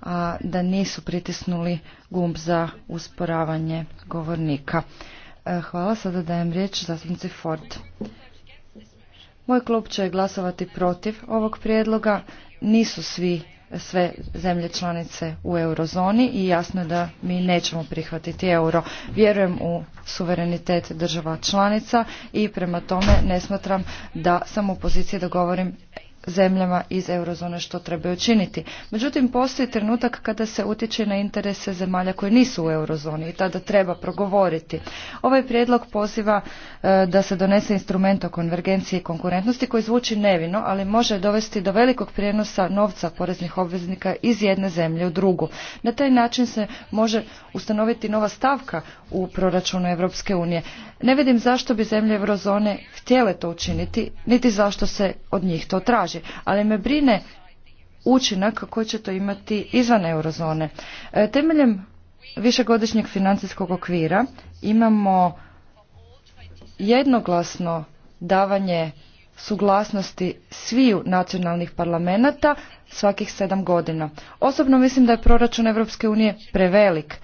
[SPEAKER 3] a da nisu pritisnuli gumb za usporavanje govornika. E, hvala, sada dajem riječ zastupnici Ford. Moj klub će glasovati protiv ovog prijedloga. Nisu svi sve zemlje članice u eurozoni i jasno je da mi nećemo prihvatiti euro. Vjerujem u suverenitet država članica i prema tome ne smatram da sam u poziciji da govorim zemljama iz eurozone što trebaju učiniti. Međutim, postoji trenutak kada se utječe na interese zemalja koje nisu u eurozoni i tada treba progovoriti. Ovaj prijedlog poziva e, da se donese instrument o konvergenciji i konkurentnosti koji zvuči nevino, ali može dovesti do velikog prijenosa novca poreznih obveznika iz jedne zemlje u drugu. Na taj način se može ustanoviti nova stavka u proračunu Europske unije. Ne vidim zašto bi zemlje eurozone htjele to učiniti, niti zašto se od njih to traži ali me brine učinak koji će to imati izvan eurozone. E, temeljem višegodišnjeg financijskog okvira imamo jednoglasno davanje suglasnosti sviju nacionalnih parlamenata svakih sedam godina. Osobno mislim da je proračun Europske unije prevelik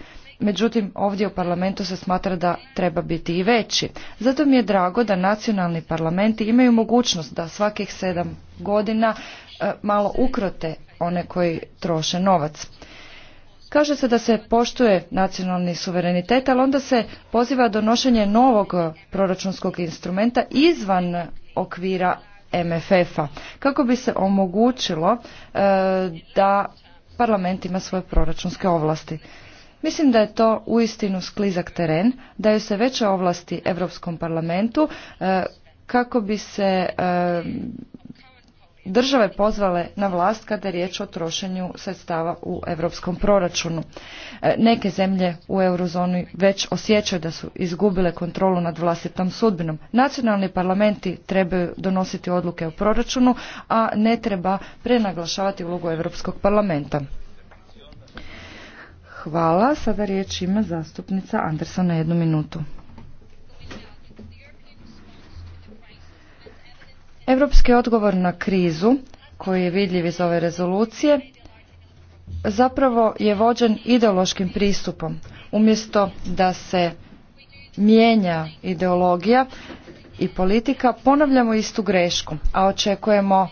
[SPEAKER 3] međutim ovdje u parlamentu se smatra da treba biti i veći. Zato mi je drago da nacionalni parlamenti imaju mogućnost da svakih sedam godina e, malo ukrote one koji troše novac. Kaže se da se poštuje nacionalni suverenitet, ali onda se poziva donošenje novog proračunskog instrumenta izvan okvira MFF-a, kako bi se omogućilo e, da parlament ima svoje proračunske ovlasti. Mislim da je to uistinu sklizak teren, daju se veće ovlasti Europskom parlamentu e, kako bi se e, države pozvale na vlast kada je riječ o trošenju sredstava u europskom proračunu. E, neke zemlje u eurozoni već osjećaju da su izgubile kontrolu nad vlastitom sudbinom. Nacionalni parlamenti trebaju donositi odluke o proračunu, a ne treba prenaglašavati ulogu Europskog parlamenta. Hvala. Sada riječ ima zastupnica Andersa na jednu minutu. Europski odgovor na krizu, koji je vidljiv iz ove rezolucije, zapravo je vođen ideološkim pristupom. Umjesto da se mijenja ideologija i politika, ponavljamo istu grešku, a očekujemo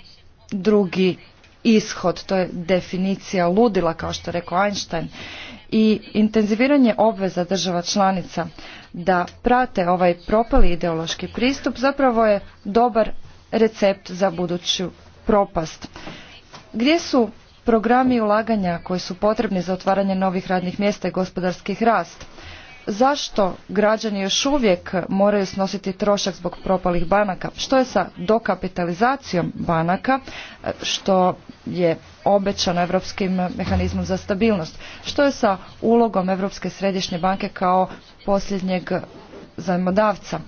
[SPEAKER 3] drugi ishod, to je definicija ludila kao što je rekao Einstein i intenziviranje obveza država članica da prate ovaj propali ideološki pristup zapravo je dobar recept za buduću propast. Gdje su programi ulaganja koji su potrebni za otvaranje novih radnih mjesta i gospodarskih rast? Zašto građani još uvijek moraju snositi trošak zbog propalih banaka? Što je sa dokapitalizacijom banaka, e, što je obećano Europskim mehanizmom za stabilnost? Što je sa ulogom Europske središnje banke kao posljednjeg zajmodavca?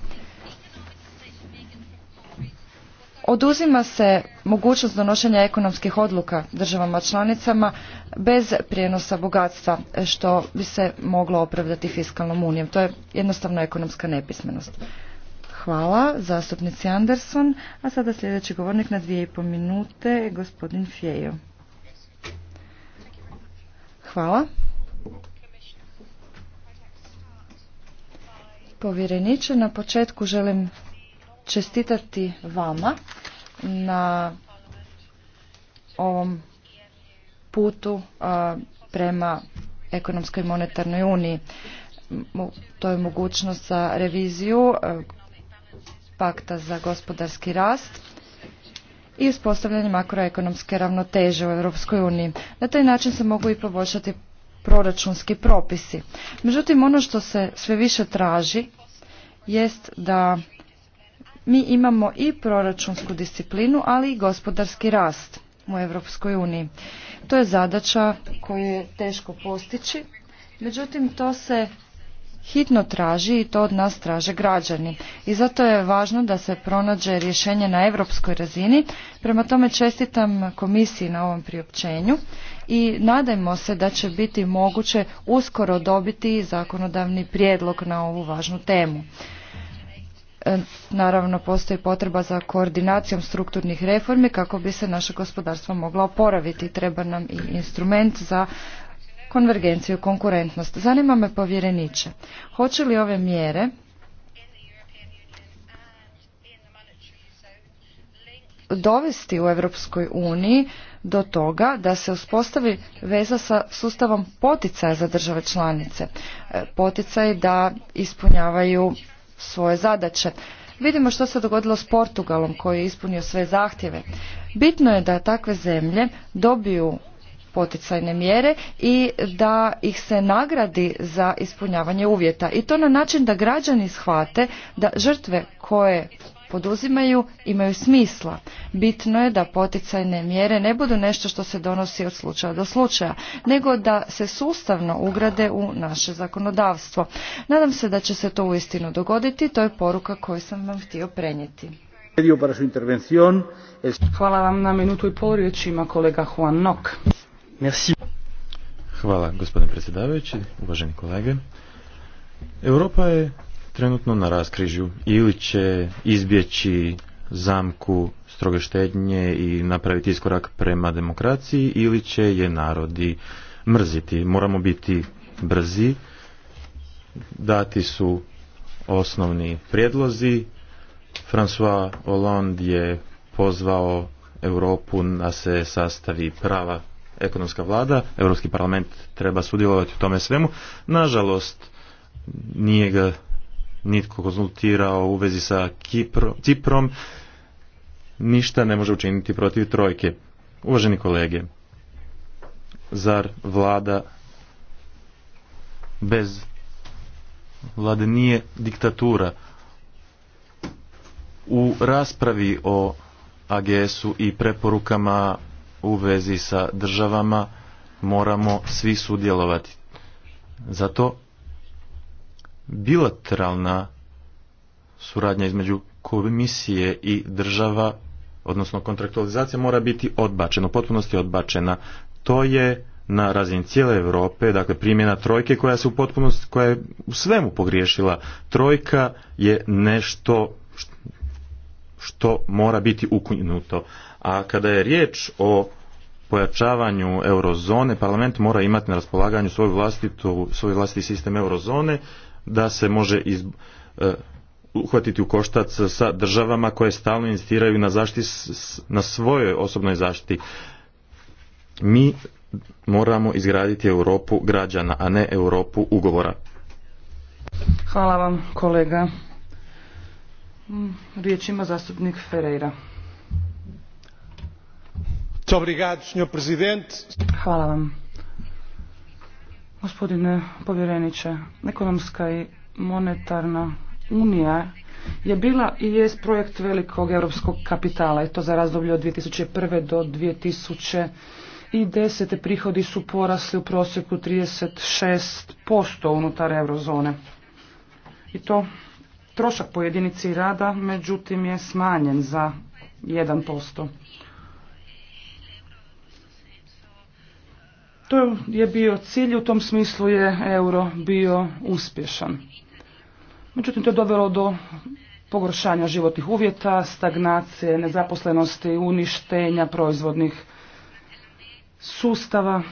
[SPEAKER 3] Oduzima se mogućnost donošenja ekonomskih odluka državama članicama bez prijenosa bogatstva što bi se moglo opravdati fiskalnom unijom. To je jednostavno ekonomska nepismenost. Hvala zastupnici Anderson. A sada sljedeći govornik na dvije i po minute gospodin Fjejo. Hvala. Povjereniče, na početku želim čestitati vama na ovom putu prema ekonomskoj monetarnoj uniji. To je mogućnost za reviziju pakta za gospodarski rast i uspostavljanje makroekonomske ravnoteže u Europskoj uniji. Na taj način se mogu i poboljšati proračunski propisi. Međutim, ono što se sve više traži jest da mi imamo i proračunsku disciplinu, ali i gospodarski rast u Europskoj uniji. To je zadaća koju je teško postići, međutim to se hitno traži i to od nas traže građani. I zato je važno da se pronađe rješenje na europskoj razini. Prema tome čestitam komisiji na ovom priopćenju i nadajmo se da će biti moguće uskoro dobiti zakonodavni prijedlog na ovu važnu temu. E, naravno, postoji potreba za koordinacijom strukturnih reformi kako bi se naše gospodarstvo moglo oporaviti. Treba nam i instrument za konvergenciju i konkurentnost. Zanima me povjereniče, hoće li ove mjere dovesti u Europskoj uniji do toga da se uspostavi veza sa sustavom poticaja za države članice. E, Poticaj da ispunjavaju svoje zadaće. Vidimo što se dogodilo s Portugalom koji je ispunio sve zahtjeve. Bitno je da takve zemlje dobiju poticajne mjere i da ih se nagradi za ispunjavanje uvjeta. I to na način da građani shvate da žrtve koje poduzimaju imaju smisla. Bitno je da poticajne mjere ne budu nešto što se donosi od slučaja do slučaja, nego da se sustavno ugrade u naše zakonodavstvo. Nadam se da će se to uistinu dogoditi, to je poruka koju sam vam htio prenijeti.
[SPEAKER 4] Hvala vam na minutu i pol riječima kolega Juan Nok.
[SPEAKER 5] Hvala gospodine predsjedavajući, uvaženi kolege. Europa je trenutno na raskrižju ili će izbjeći zamku stroge štednje i napraviti iskorak prema demokraciji ili će je narodi mrziti. Moramo biti brzi, dati su osnovni prijedlozi. François Hollande je pozvao Europu da se sastavi prava ekonomska vlada, Europski parlament treba sudjelovati u tome svemu. Nažalost, nije ga nitko konzultirao u vezi sa Kipro, Ciprom, ništa ne može učiniti protiv trojke. Uvaženi kolege, zar vlada bez vlade nije diktatura? U raspravi o AGS-u i preporukama u vezi sa državama moramo svi sudjelovati. Zato bilateralna suradnja između komisije i država, odnosno kontraktualizacija mora biti odbačena, u potpunosti odbačena. To je na razini cijele Europe, dakle primjena trojke koja se u potpunosti, koja je u svemu pogriješila. Trojka je nešto što mora biti ukinuto. A kada je riječ o pojačavanju eurozone, parlament mora imati na raspolaganju svoj vlastiti svoj vlastiti sistem eurozone da se može e, uhvatiti u koštac sa državama koje stalno insistiraju na, zaštiti, na svojoj osobnoj zaštiti. Mi moramo izgraditi Europu građana, a ne Europu ugovora.
[SPEAKER 4] Hvala vam, kolega. Riječ ima zastupnik Ferreira. Hvala vam. Gospodine povjereniče, ekonomska i monetarna unija je bila i jest projekt velikog europskog kapitala i to za razdoblje od 2001. do 2010. prihodi su porasli u prosjeku 36% unutar eurozone. I to trošak pojedinici rada međutim je smanjen za 1%. To je bio cilj u tom smislu je euro bio uspješan. Međutim, to je dovelo do pogoršanja životnih uvjeta, stagnacije, nezaposlenosti, uništenja proizvodnih sustava,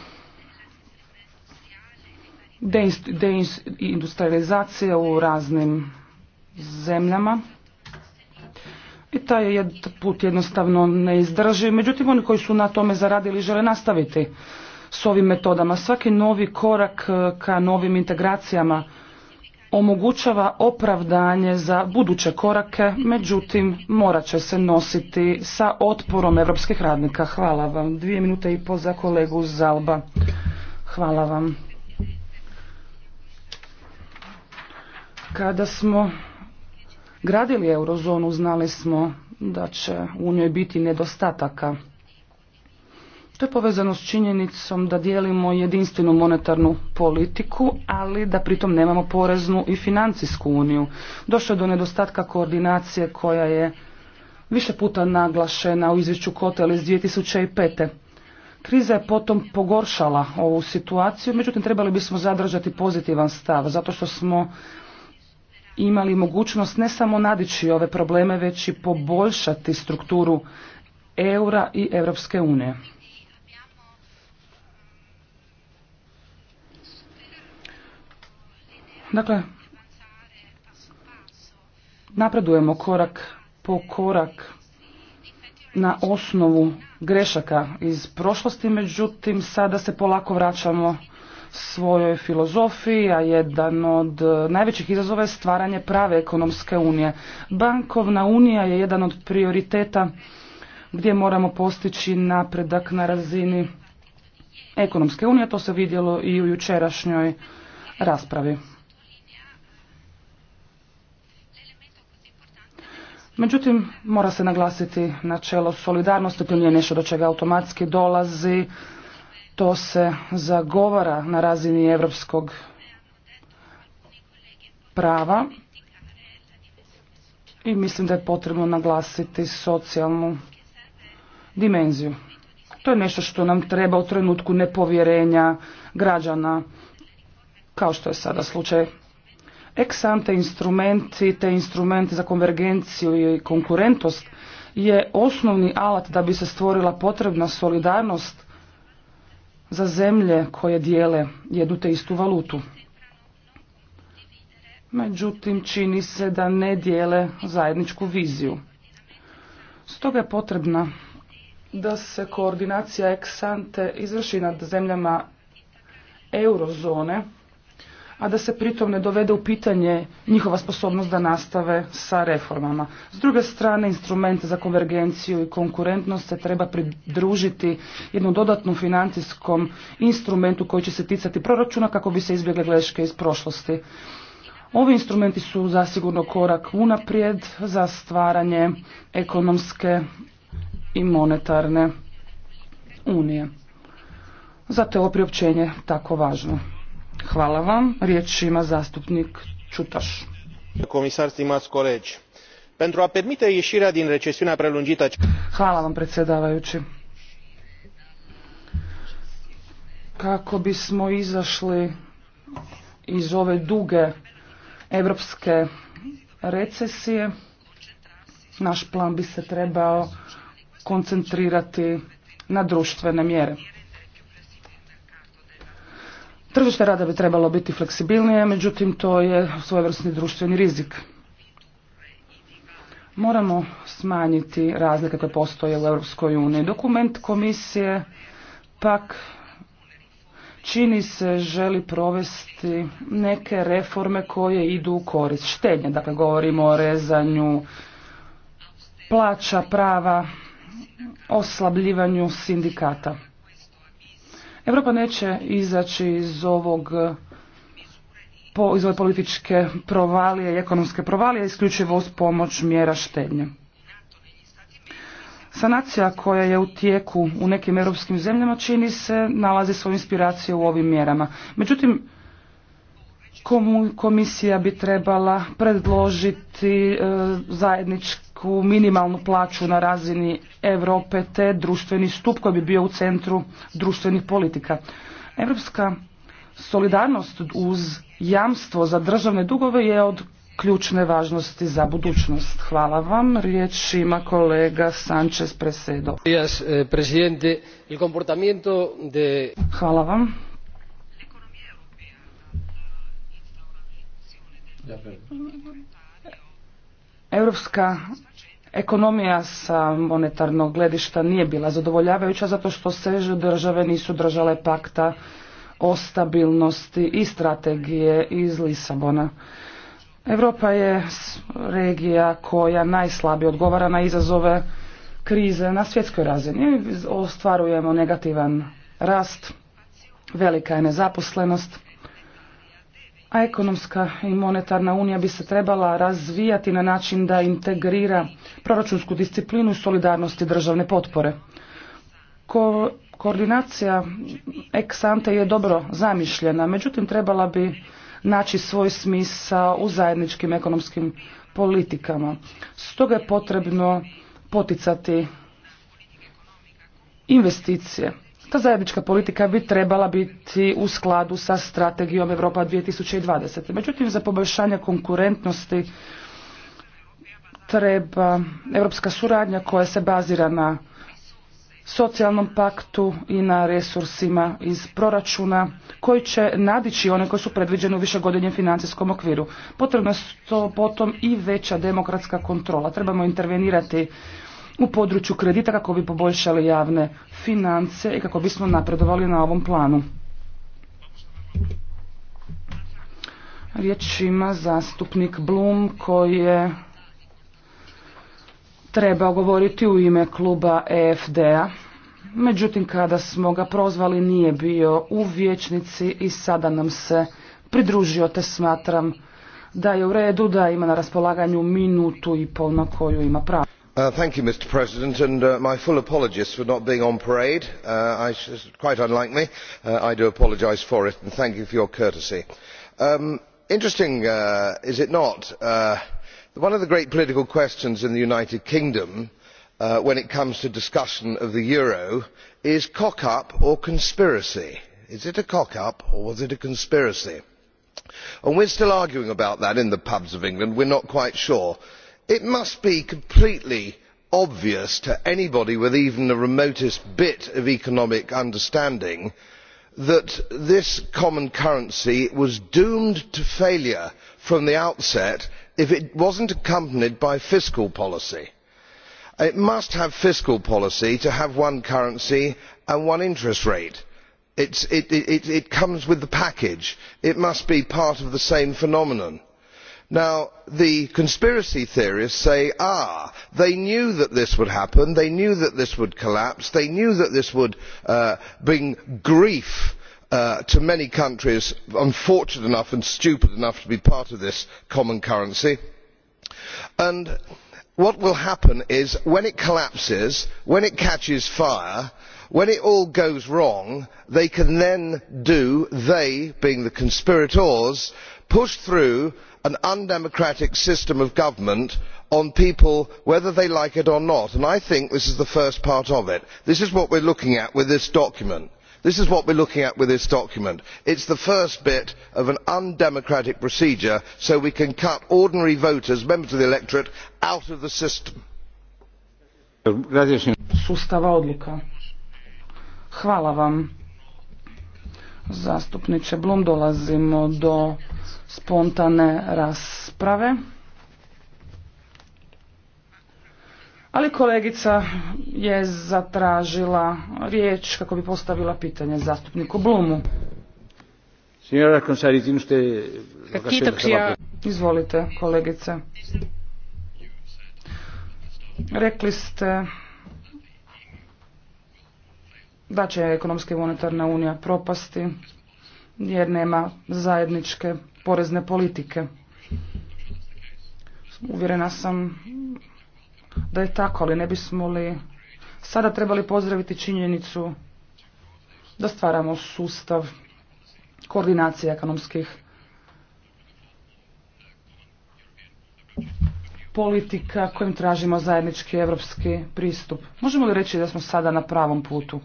[SPEAKER 4] deindustrializacije u raznim zemljama. I taj je put jednostavno neizdrživ. Međutim, oni koji su na tome zaradili žele nastaviti s ovim metodama. Svaki novi korak eh, ka novim integracijama omogućava opravdanje za buduće korake, međutim morat će se nositi sa otporom europskih radnika. Hvala vam. Dvije minute i pol za kolegu Zalba. Hvala vam. Kada smo gradili eurozonu znali smo da će u njoj biti nedostataka. To je povezano s činjenicom da dijelimo jedinstvenu monetarnu politiku, ali da pritom nemamo poreznu i financijsku uniju. Došlo je do nedostatka koordinacije koja je više puta naglašena u izvješću Kotel iz 2005. Kriza je potom pogoršala ovu situaciju, međutim trebali bismo zadržati pozitivan stav, zato što smo imali mogućnost ne samo nadići ove probleme, već i poboljšati strukturu eura i Europske unije. Dakle, napredujemo korak po korak na osnovu grešaka iz prošlosti, međutim sada se polako vraćamo svojoj filozofiji, a jedan od najvećih izazova je stvaranje prave ekonomske unije. Bankovna unija je jedan od prioriteta gdje moramo postići napredak na razini ekonomske unije, to se vidjelo i u jučerašnjoj raspravi. Međutim, mora se naglasiti načelo solidarnosti, to nije nešto do čega automatski dolazi, to se zagovara na razini evropskog prava i mislim da je potrebno naglasiti socijalnu dimenziju. To je nešto što nam treba u trenutku nepovjerenja građana, kao što je sada slučaj Ex-ante instrumenti, te instrumenti za konvergenciju i konkurentnost je osnovni alat da bi se stvorila potrebna solidarnost za zemlje koje dijele jednu te istu valutu. Međutim, čini se da ne dijele zajedničku viziju. Stoga je potrebna da se koordinacija ex ante izvrši nad zemljama eurozone a da se pritom ne dovede u pitanje njihova sposobnost da nastave sa reformama. S druge strane, instrumente za konvergenciju i konkurentnost se treba pridružiti jednom dodatnom financijskom instrumentu koji će se ticati proračuna kako bi se izbjegle greške iz prošlosti. Ovi instrumenti su zasigurno korak unaprijed za stvaranje ekonomske i monetarne unije. Zato je ovo priopćenje tako važno. Hvala vam. Riječ ima zastupnik Čutaš.
[SPEAKER 5] Komisar, stimați colegi, pentru a permite ieșirea din recesiunea prelungită...
[SPEAKER 4] Hvala vam, predsjedavajući. Kako bismo izašli iz ove duge evropske recesije, naš plan bi se trebao koncentrirati na društvene mjere. Tržište rada bi trebalo biti fleksibilnije, međutim to je svojevrsni društveni rizik. Moramo smanjiti razlike koje postoje u Europskoj uniji. Dokument komisije pak čini se želi provesti neke reforme koje idu u korist štednje. Dakle, govorimo o rezanju plaća, prava, oslabljivanju sindikata. Europa neće izaći iz ovog iz ove političke provalije i ekonomske provalije isključivo uz pomoć mjera štednje. Sanacija koja je u tijeku u nekim europskim zemljama čini se nalazi svoju inspiraciju u ovim mjerama. Međutim, komisija bi trebala predložiti e, zajednički u minimalnu plaću na razini Europe te društveni stup koji bi bio u centru društvenih politika. Europska solidarnost uz jamstvo za državne dugove je od ključne važnosti za budućnost. Hvala vam. Riječ ima kolega Sanchez Presedo. Eh, Hvala vam. Hvala vam. Europska ekonomija sa monetarnog gledišta nije bila zadovoljavajuća zato što se države nisu držale pakta o stabilnosti i strategije iz Lisabona. Europa je regija koja najslabije odgovara na izazove krize na svjetskoj razini. Ostvarujemo negativan rast, velika je nezaposlenost, a ekonomska i monetarna unija bi se trebala razvijati na način da integrira proračunsku disciplinu i solidarnosti državne potpore. koordinacija ex ante je dobro zamišljena, međutim trebala bi naći svoj smisao u zajedničkim ekonomskim politikama. Stoga je potrebno poticati investicije. Ta zajednička politika bi trebala biti u skladu sa strategijom Europa 2020. Međutim, za poboljšanje konkurentnosti treba europska suradnja koja se bazira na socijalnom paktu i na resursima iz proračuna koji će nadići one koji su predviđeni u višegodišnjem financijskom okviru. Potrebna je to potom i veća demokratska kontrola. Trebamo intervenirati u području kredita kako bi poboljšali javne finance i kako bismo napredovali na ovom planu. Riječ ima zastupnik Blum koji je trebao govoriti u ime kluba efd Međutim, kada smo ga prozvali nije bio u vječnici i sada nam se pridružio te smatram da je u redu da ima na raspolaganju minutu
[SPEAKER 6] i pol na koju ima pravo. Uh, mr president and uh, my full apologies for not being on parade uh, quite unlike me i do apologise for it and thank you for your courtesy. Um, interesting is it not that one of the great political questions in the united kingdom when it comes to discussion of the euro is cock up or conspiracy? is it a cock up or was it a conspiracy? we are still arguing about that in the pubs of england we are not quite sure it must be completely obvious to anybody with even the remotest bit of economic understanding that this common currency was doomed to failure from the outset if it was not accompanied by fiscal policy. it must have fiscal policy to have one currency and one interest rate. it comes with the package. it must be part of the same phenomenon now the conspiracy theorists say ah they knew that this would happen they knew that this would collapse they knew that this would uh, bring grief uh, to many countries unfortunate enough and stupid enough to be part of this common currency and what will happen is when it collapses when it catches fire when it all goes wrong they can then do they being the conspirators push through an undemocratic system of government on people whether they like it or not and i think this is the first part of it. this is what we are looking at with this document. it is the first bit of an undemocratic procedure so we can cut ordinary voters members of the electorate out of the system
[SPEAKER 4] spontane rasprave. Ali kolegica je zatražila riječ kako bi postavila pitanje zastupniku Blumu. Izvolite, kolegice. Rekli ste da će ekonomska i monetarna unija propasti jer nema zajedničke porezne politike. Uvjerena sam da je tako, ali ne bismo li sada trebali pozdraviti činjenicu da stvaramo sustav koordinacije ekonomskih politika kojim tražimo zajednički europski pristup. Možemo li reći da smo sada na pravom putu?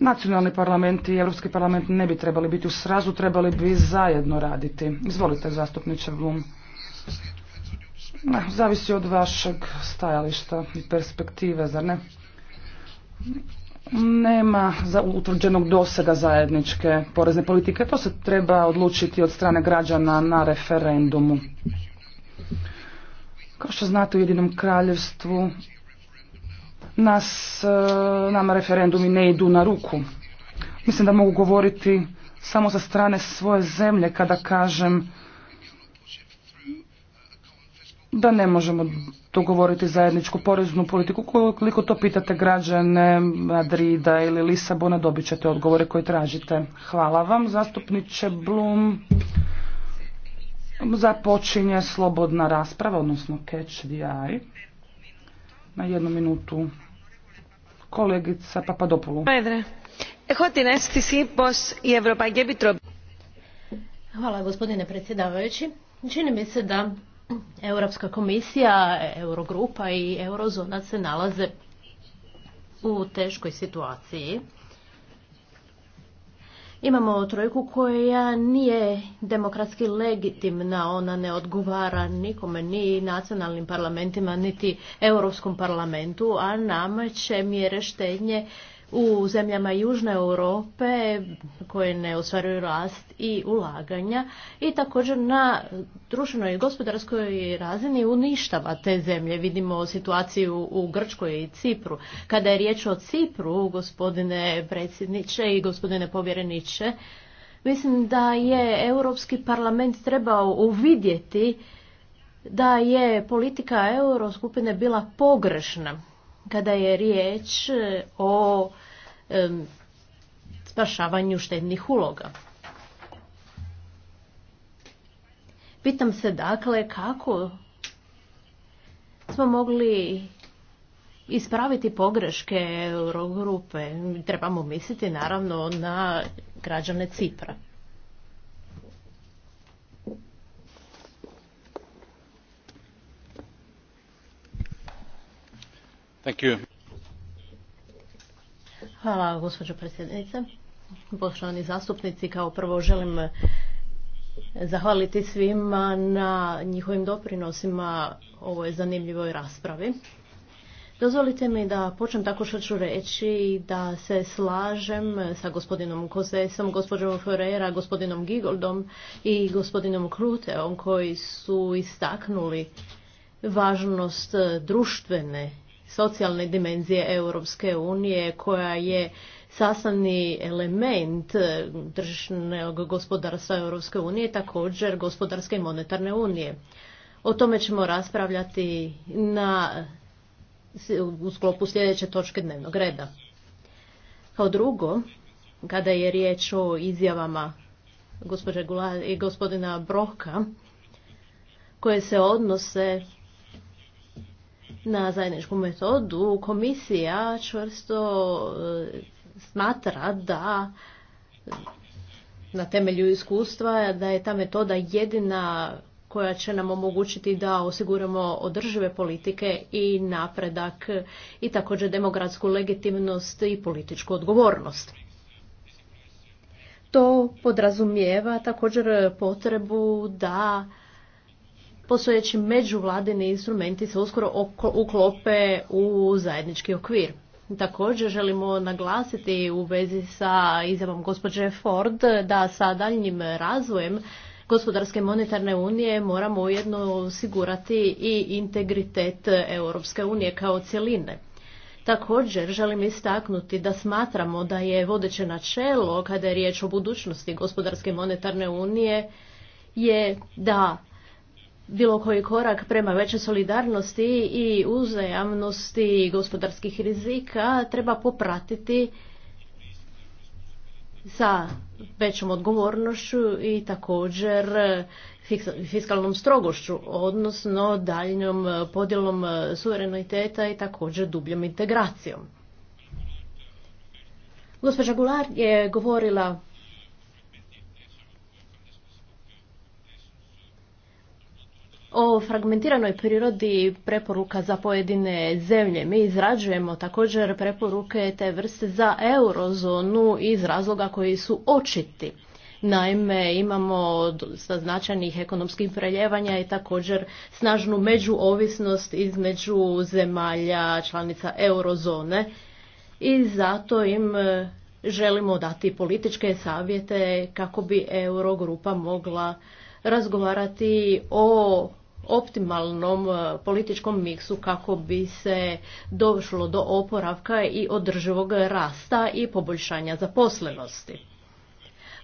[SPEAKER 4] Nacionalni parlamenti i Europski parlament ne bi trebali biti u srazu, trebali bi zajedno raditi. Izvolite, zastupniče Blum. Eh, zavisi od vašeg stajališta i perspektive, zar ne? Nema za utvrđenog dosega zajedničke porezne politike. To se treba odlučiti od strane građana na referendumu. Kao što znate u Jedinom kraljevstvu nas, e, nama referendumi ne idu na ruku. Mislim da mogu govoriti samo sa strane svoje zemlje kada kažem da ne možemo dogovoriti zajedničku poreznu politiku. Koliko to pitate građane Madrida ili Lisabona, dobit ćete odgovore koje tražite. Hvala vam, zastupniče Blum. Započinje slobodna rasprava, odnosno catch the eye. Na jednu minutu Kolegica Papadopoulou.
[SPEAKER 3] Hvala
[SPEAKER 7] gospodine predsjedavajući. Čini mi se da Europska komisija, Eurogrupa i Eurozona se nalaze u teškoj situaciji Imamo trojku koja nije demokratski legitimna, ona ne odgovara nikome, ni nacionalnim parlamentima, niti Europskom parlamentu, a nama će mjere štenje u zemljama Južne Europe koje ne ostvaruju rast i ulaganja i također na društvenoj i gospodarskoj razini uništava te zemlje. Vidimo situaciju u Grčkoj i Cipru. Kada je riječ o Cipru, gospodine predsjedniče i gospodine povjereniče, mislim da je Europski parlament trebao uvidjeti da je politika Euroskupine bila pogrešna kada je riječ eh, o spašavanju štednih uloga. Pitam se dakle kako smo mogli ispraviti pogreške grupe Trebamo misliti naravno na građane Cipra. Thank Hvala gospođo predsjednice. Poštovani zastupnici, kao prvo želim zahvaliti svima na njihovim doprinosima ovoj zanimljivoj raspravi. Dozvolite mi da počnem tako što ću reći da se slažem sa gospodinom Kosesom, gospođom Ferreira, gospodinom Gigoldom i gospodinom Kruteom koji su istaknuli važnost društvene socijalne dimenzije Europske unije koja je sastavni element tržišnog gospodarstva Europske unije, također gospodarske i monetarne unije. O tome ćemo raspravljati na, u sklopu sljedeće točke dnevnog reda. Kao drugo, kada je riječ o izjavama gospođe i gospodina Broka, koje se odnose na zajedničku metodu, komisija čvrsto e, smatra da na temelju iskustva da je ta metoda jedina koja će nam omogućiti da osiguramo održive politike i napredak i također demokratsku legitimnost i političku odgovornost. To podrazumijeva također potrebu da postojeći međuvladini instrumenti se uskoro uklope u zajednički okvir. Također želimo naglasiti u vezi sa izjavom gospođe Ford da sa daljnjim razvojem gospodarske monetarne unije moramo ujedno osigurati i integritet Europske unije kao cjeline. Također želim istaknuti da smatramo da je vodeće načelo kada je riječ o budućnosti gospodarske monetarne unije je da bilo koji korak prema većoj solidarnosti i uzajamnosti gospodarskih rizika treba popratiti sa većom odgovornošću i također fiskalnom strogošću, odnosno daljnjom podjelom suvereniteta i također dubljom integracijom. Gospođa Gular je govorila o fragmentiranoj prirodi preporuka za pojedine zemlje. Mi izrađujemo također preporuke te vrste za eurozonu iz razloga koji su očiti. Naime, imamo značajnih ekonomskih preljevanja i također snažnu međuovisnost između zemalja članica eurozone i zato im e, želimo dati političke savjete kako bi Eurogrupa mogla razgovarati o optimalnom e, političkom miksu kako bi se došlo do oporavka i održivog rasta i poboljšanja zaposlenosti.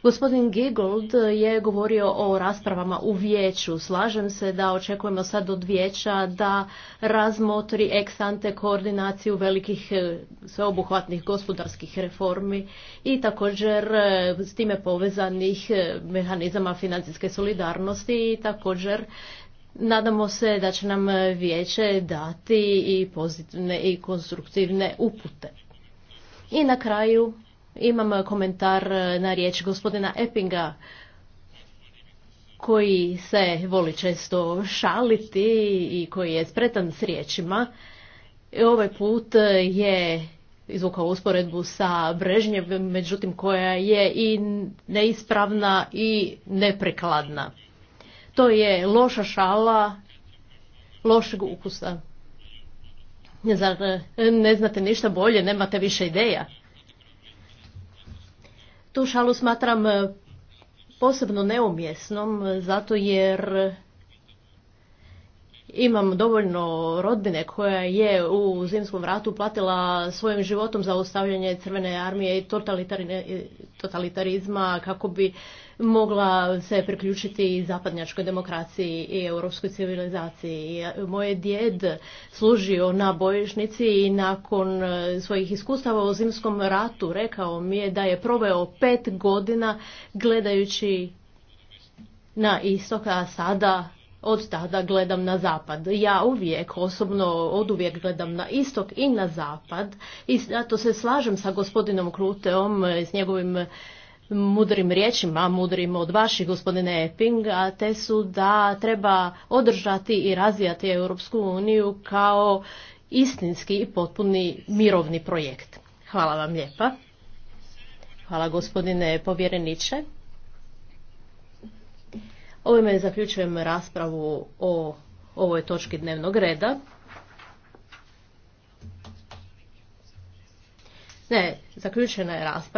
[SPEAKER 7] Gospodin Giggold je govorio o raspravama u vijeću. Slažem se da očekujemo sad od vijeća da razmotri eksante koordinaciju velikih e, sveobuhvatnih gospodarskih reformi i također e, s time povezanih e, mehanizama financijske solidarnosti i također Nadamo se da će nam vijeće dati i pozitivne i konstruktivne upute. I na kraju imam komentar eh, na riječ gospodina Eppinga koji se voli često šaliti i koji je spretan s riječima. Ovaj put eh, je izvukao usporedbu sa Brežnjevom, međutim koja je i neispravna i neprekladna. To je loša šala, lošeg ukusa. Eh, ne znate ništa bolje, nemate više ideja? Tu šalu smatram e, posebno neumjesnom, e, zato jer imam dovoljno rodbine koja je u Zimskom ratu platila svojim životom za ostavljanje Crvene armije i totalitarizma kako bi mogla se priključiti i zapadnjačkoj demokraciji i europskoj civilizaciji. E, moj djed služio na bojišnici i nakon e, svojih iskustava u zimskom ratu rekao mi je da je proveo pet godina gledajući na istok, a sada od tada gledam na zapad. Ja uvijek, osobno, od uvijek gledam na istok i na zapad i zato se slažem sa gospodinom Kruteom, e, s njegovim mudrim riječima, mudrim od vaših gospodine Epping, a te su da treba održati i razvijati Europsku uniju kao istinski i potpuni mirovni projekt. Hvala vam lijepa. Hvala gospodine povjereniče. Ovime zaključujem raspravu o ovoj točki dnevnog reda. Ne, zaključena je rasprava.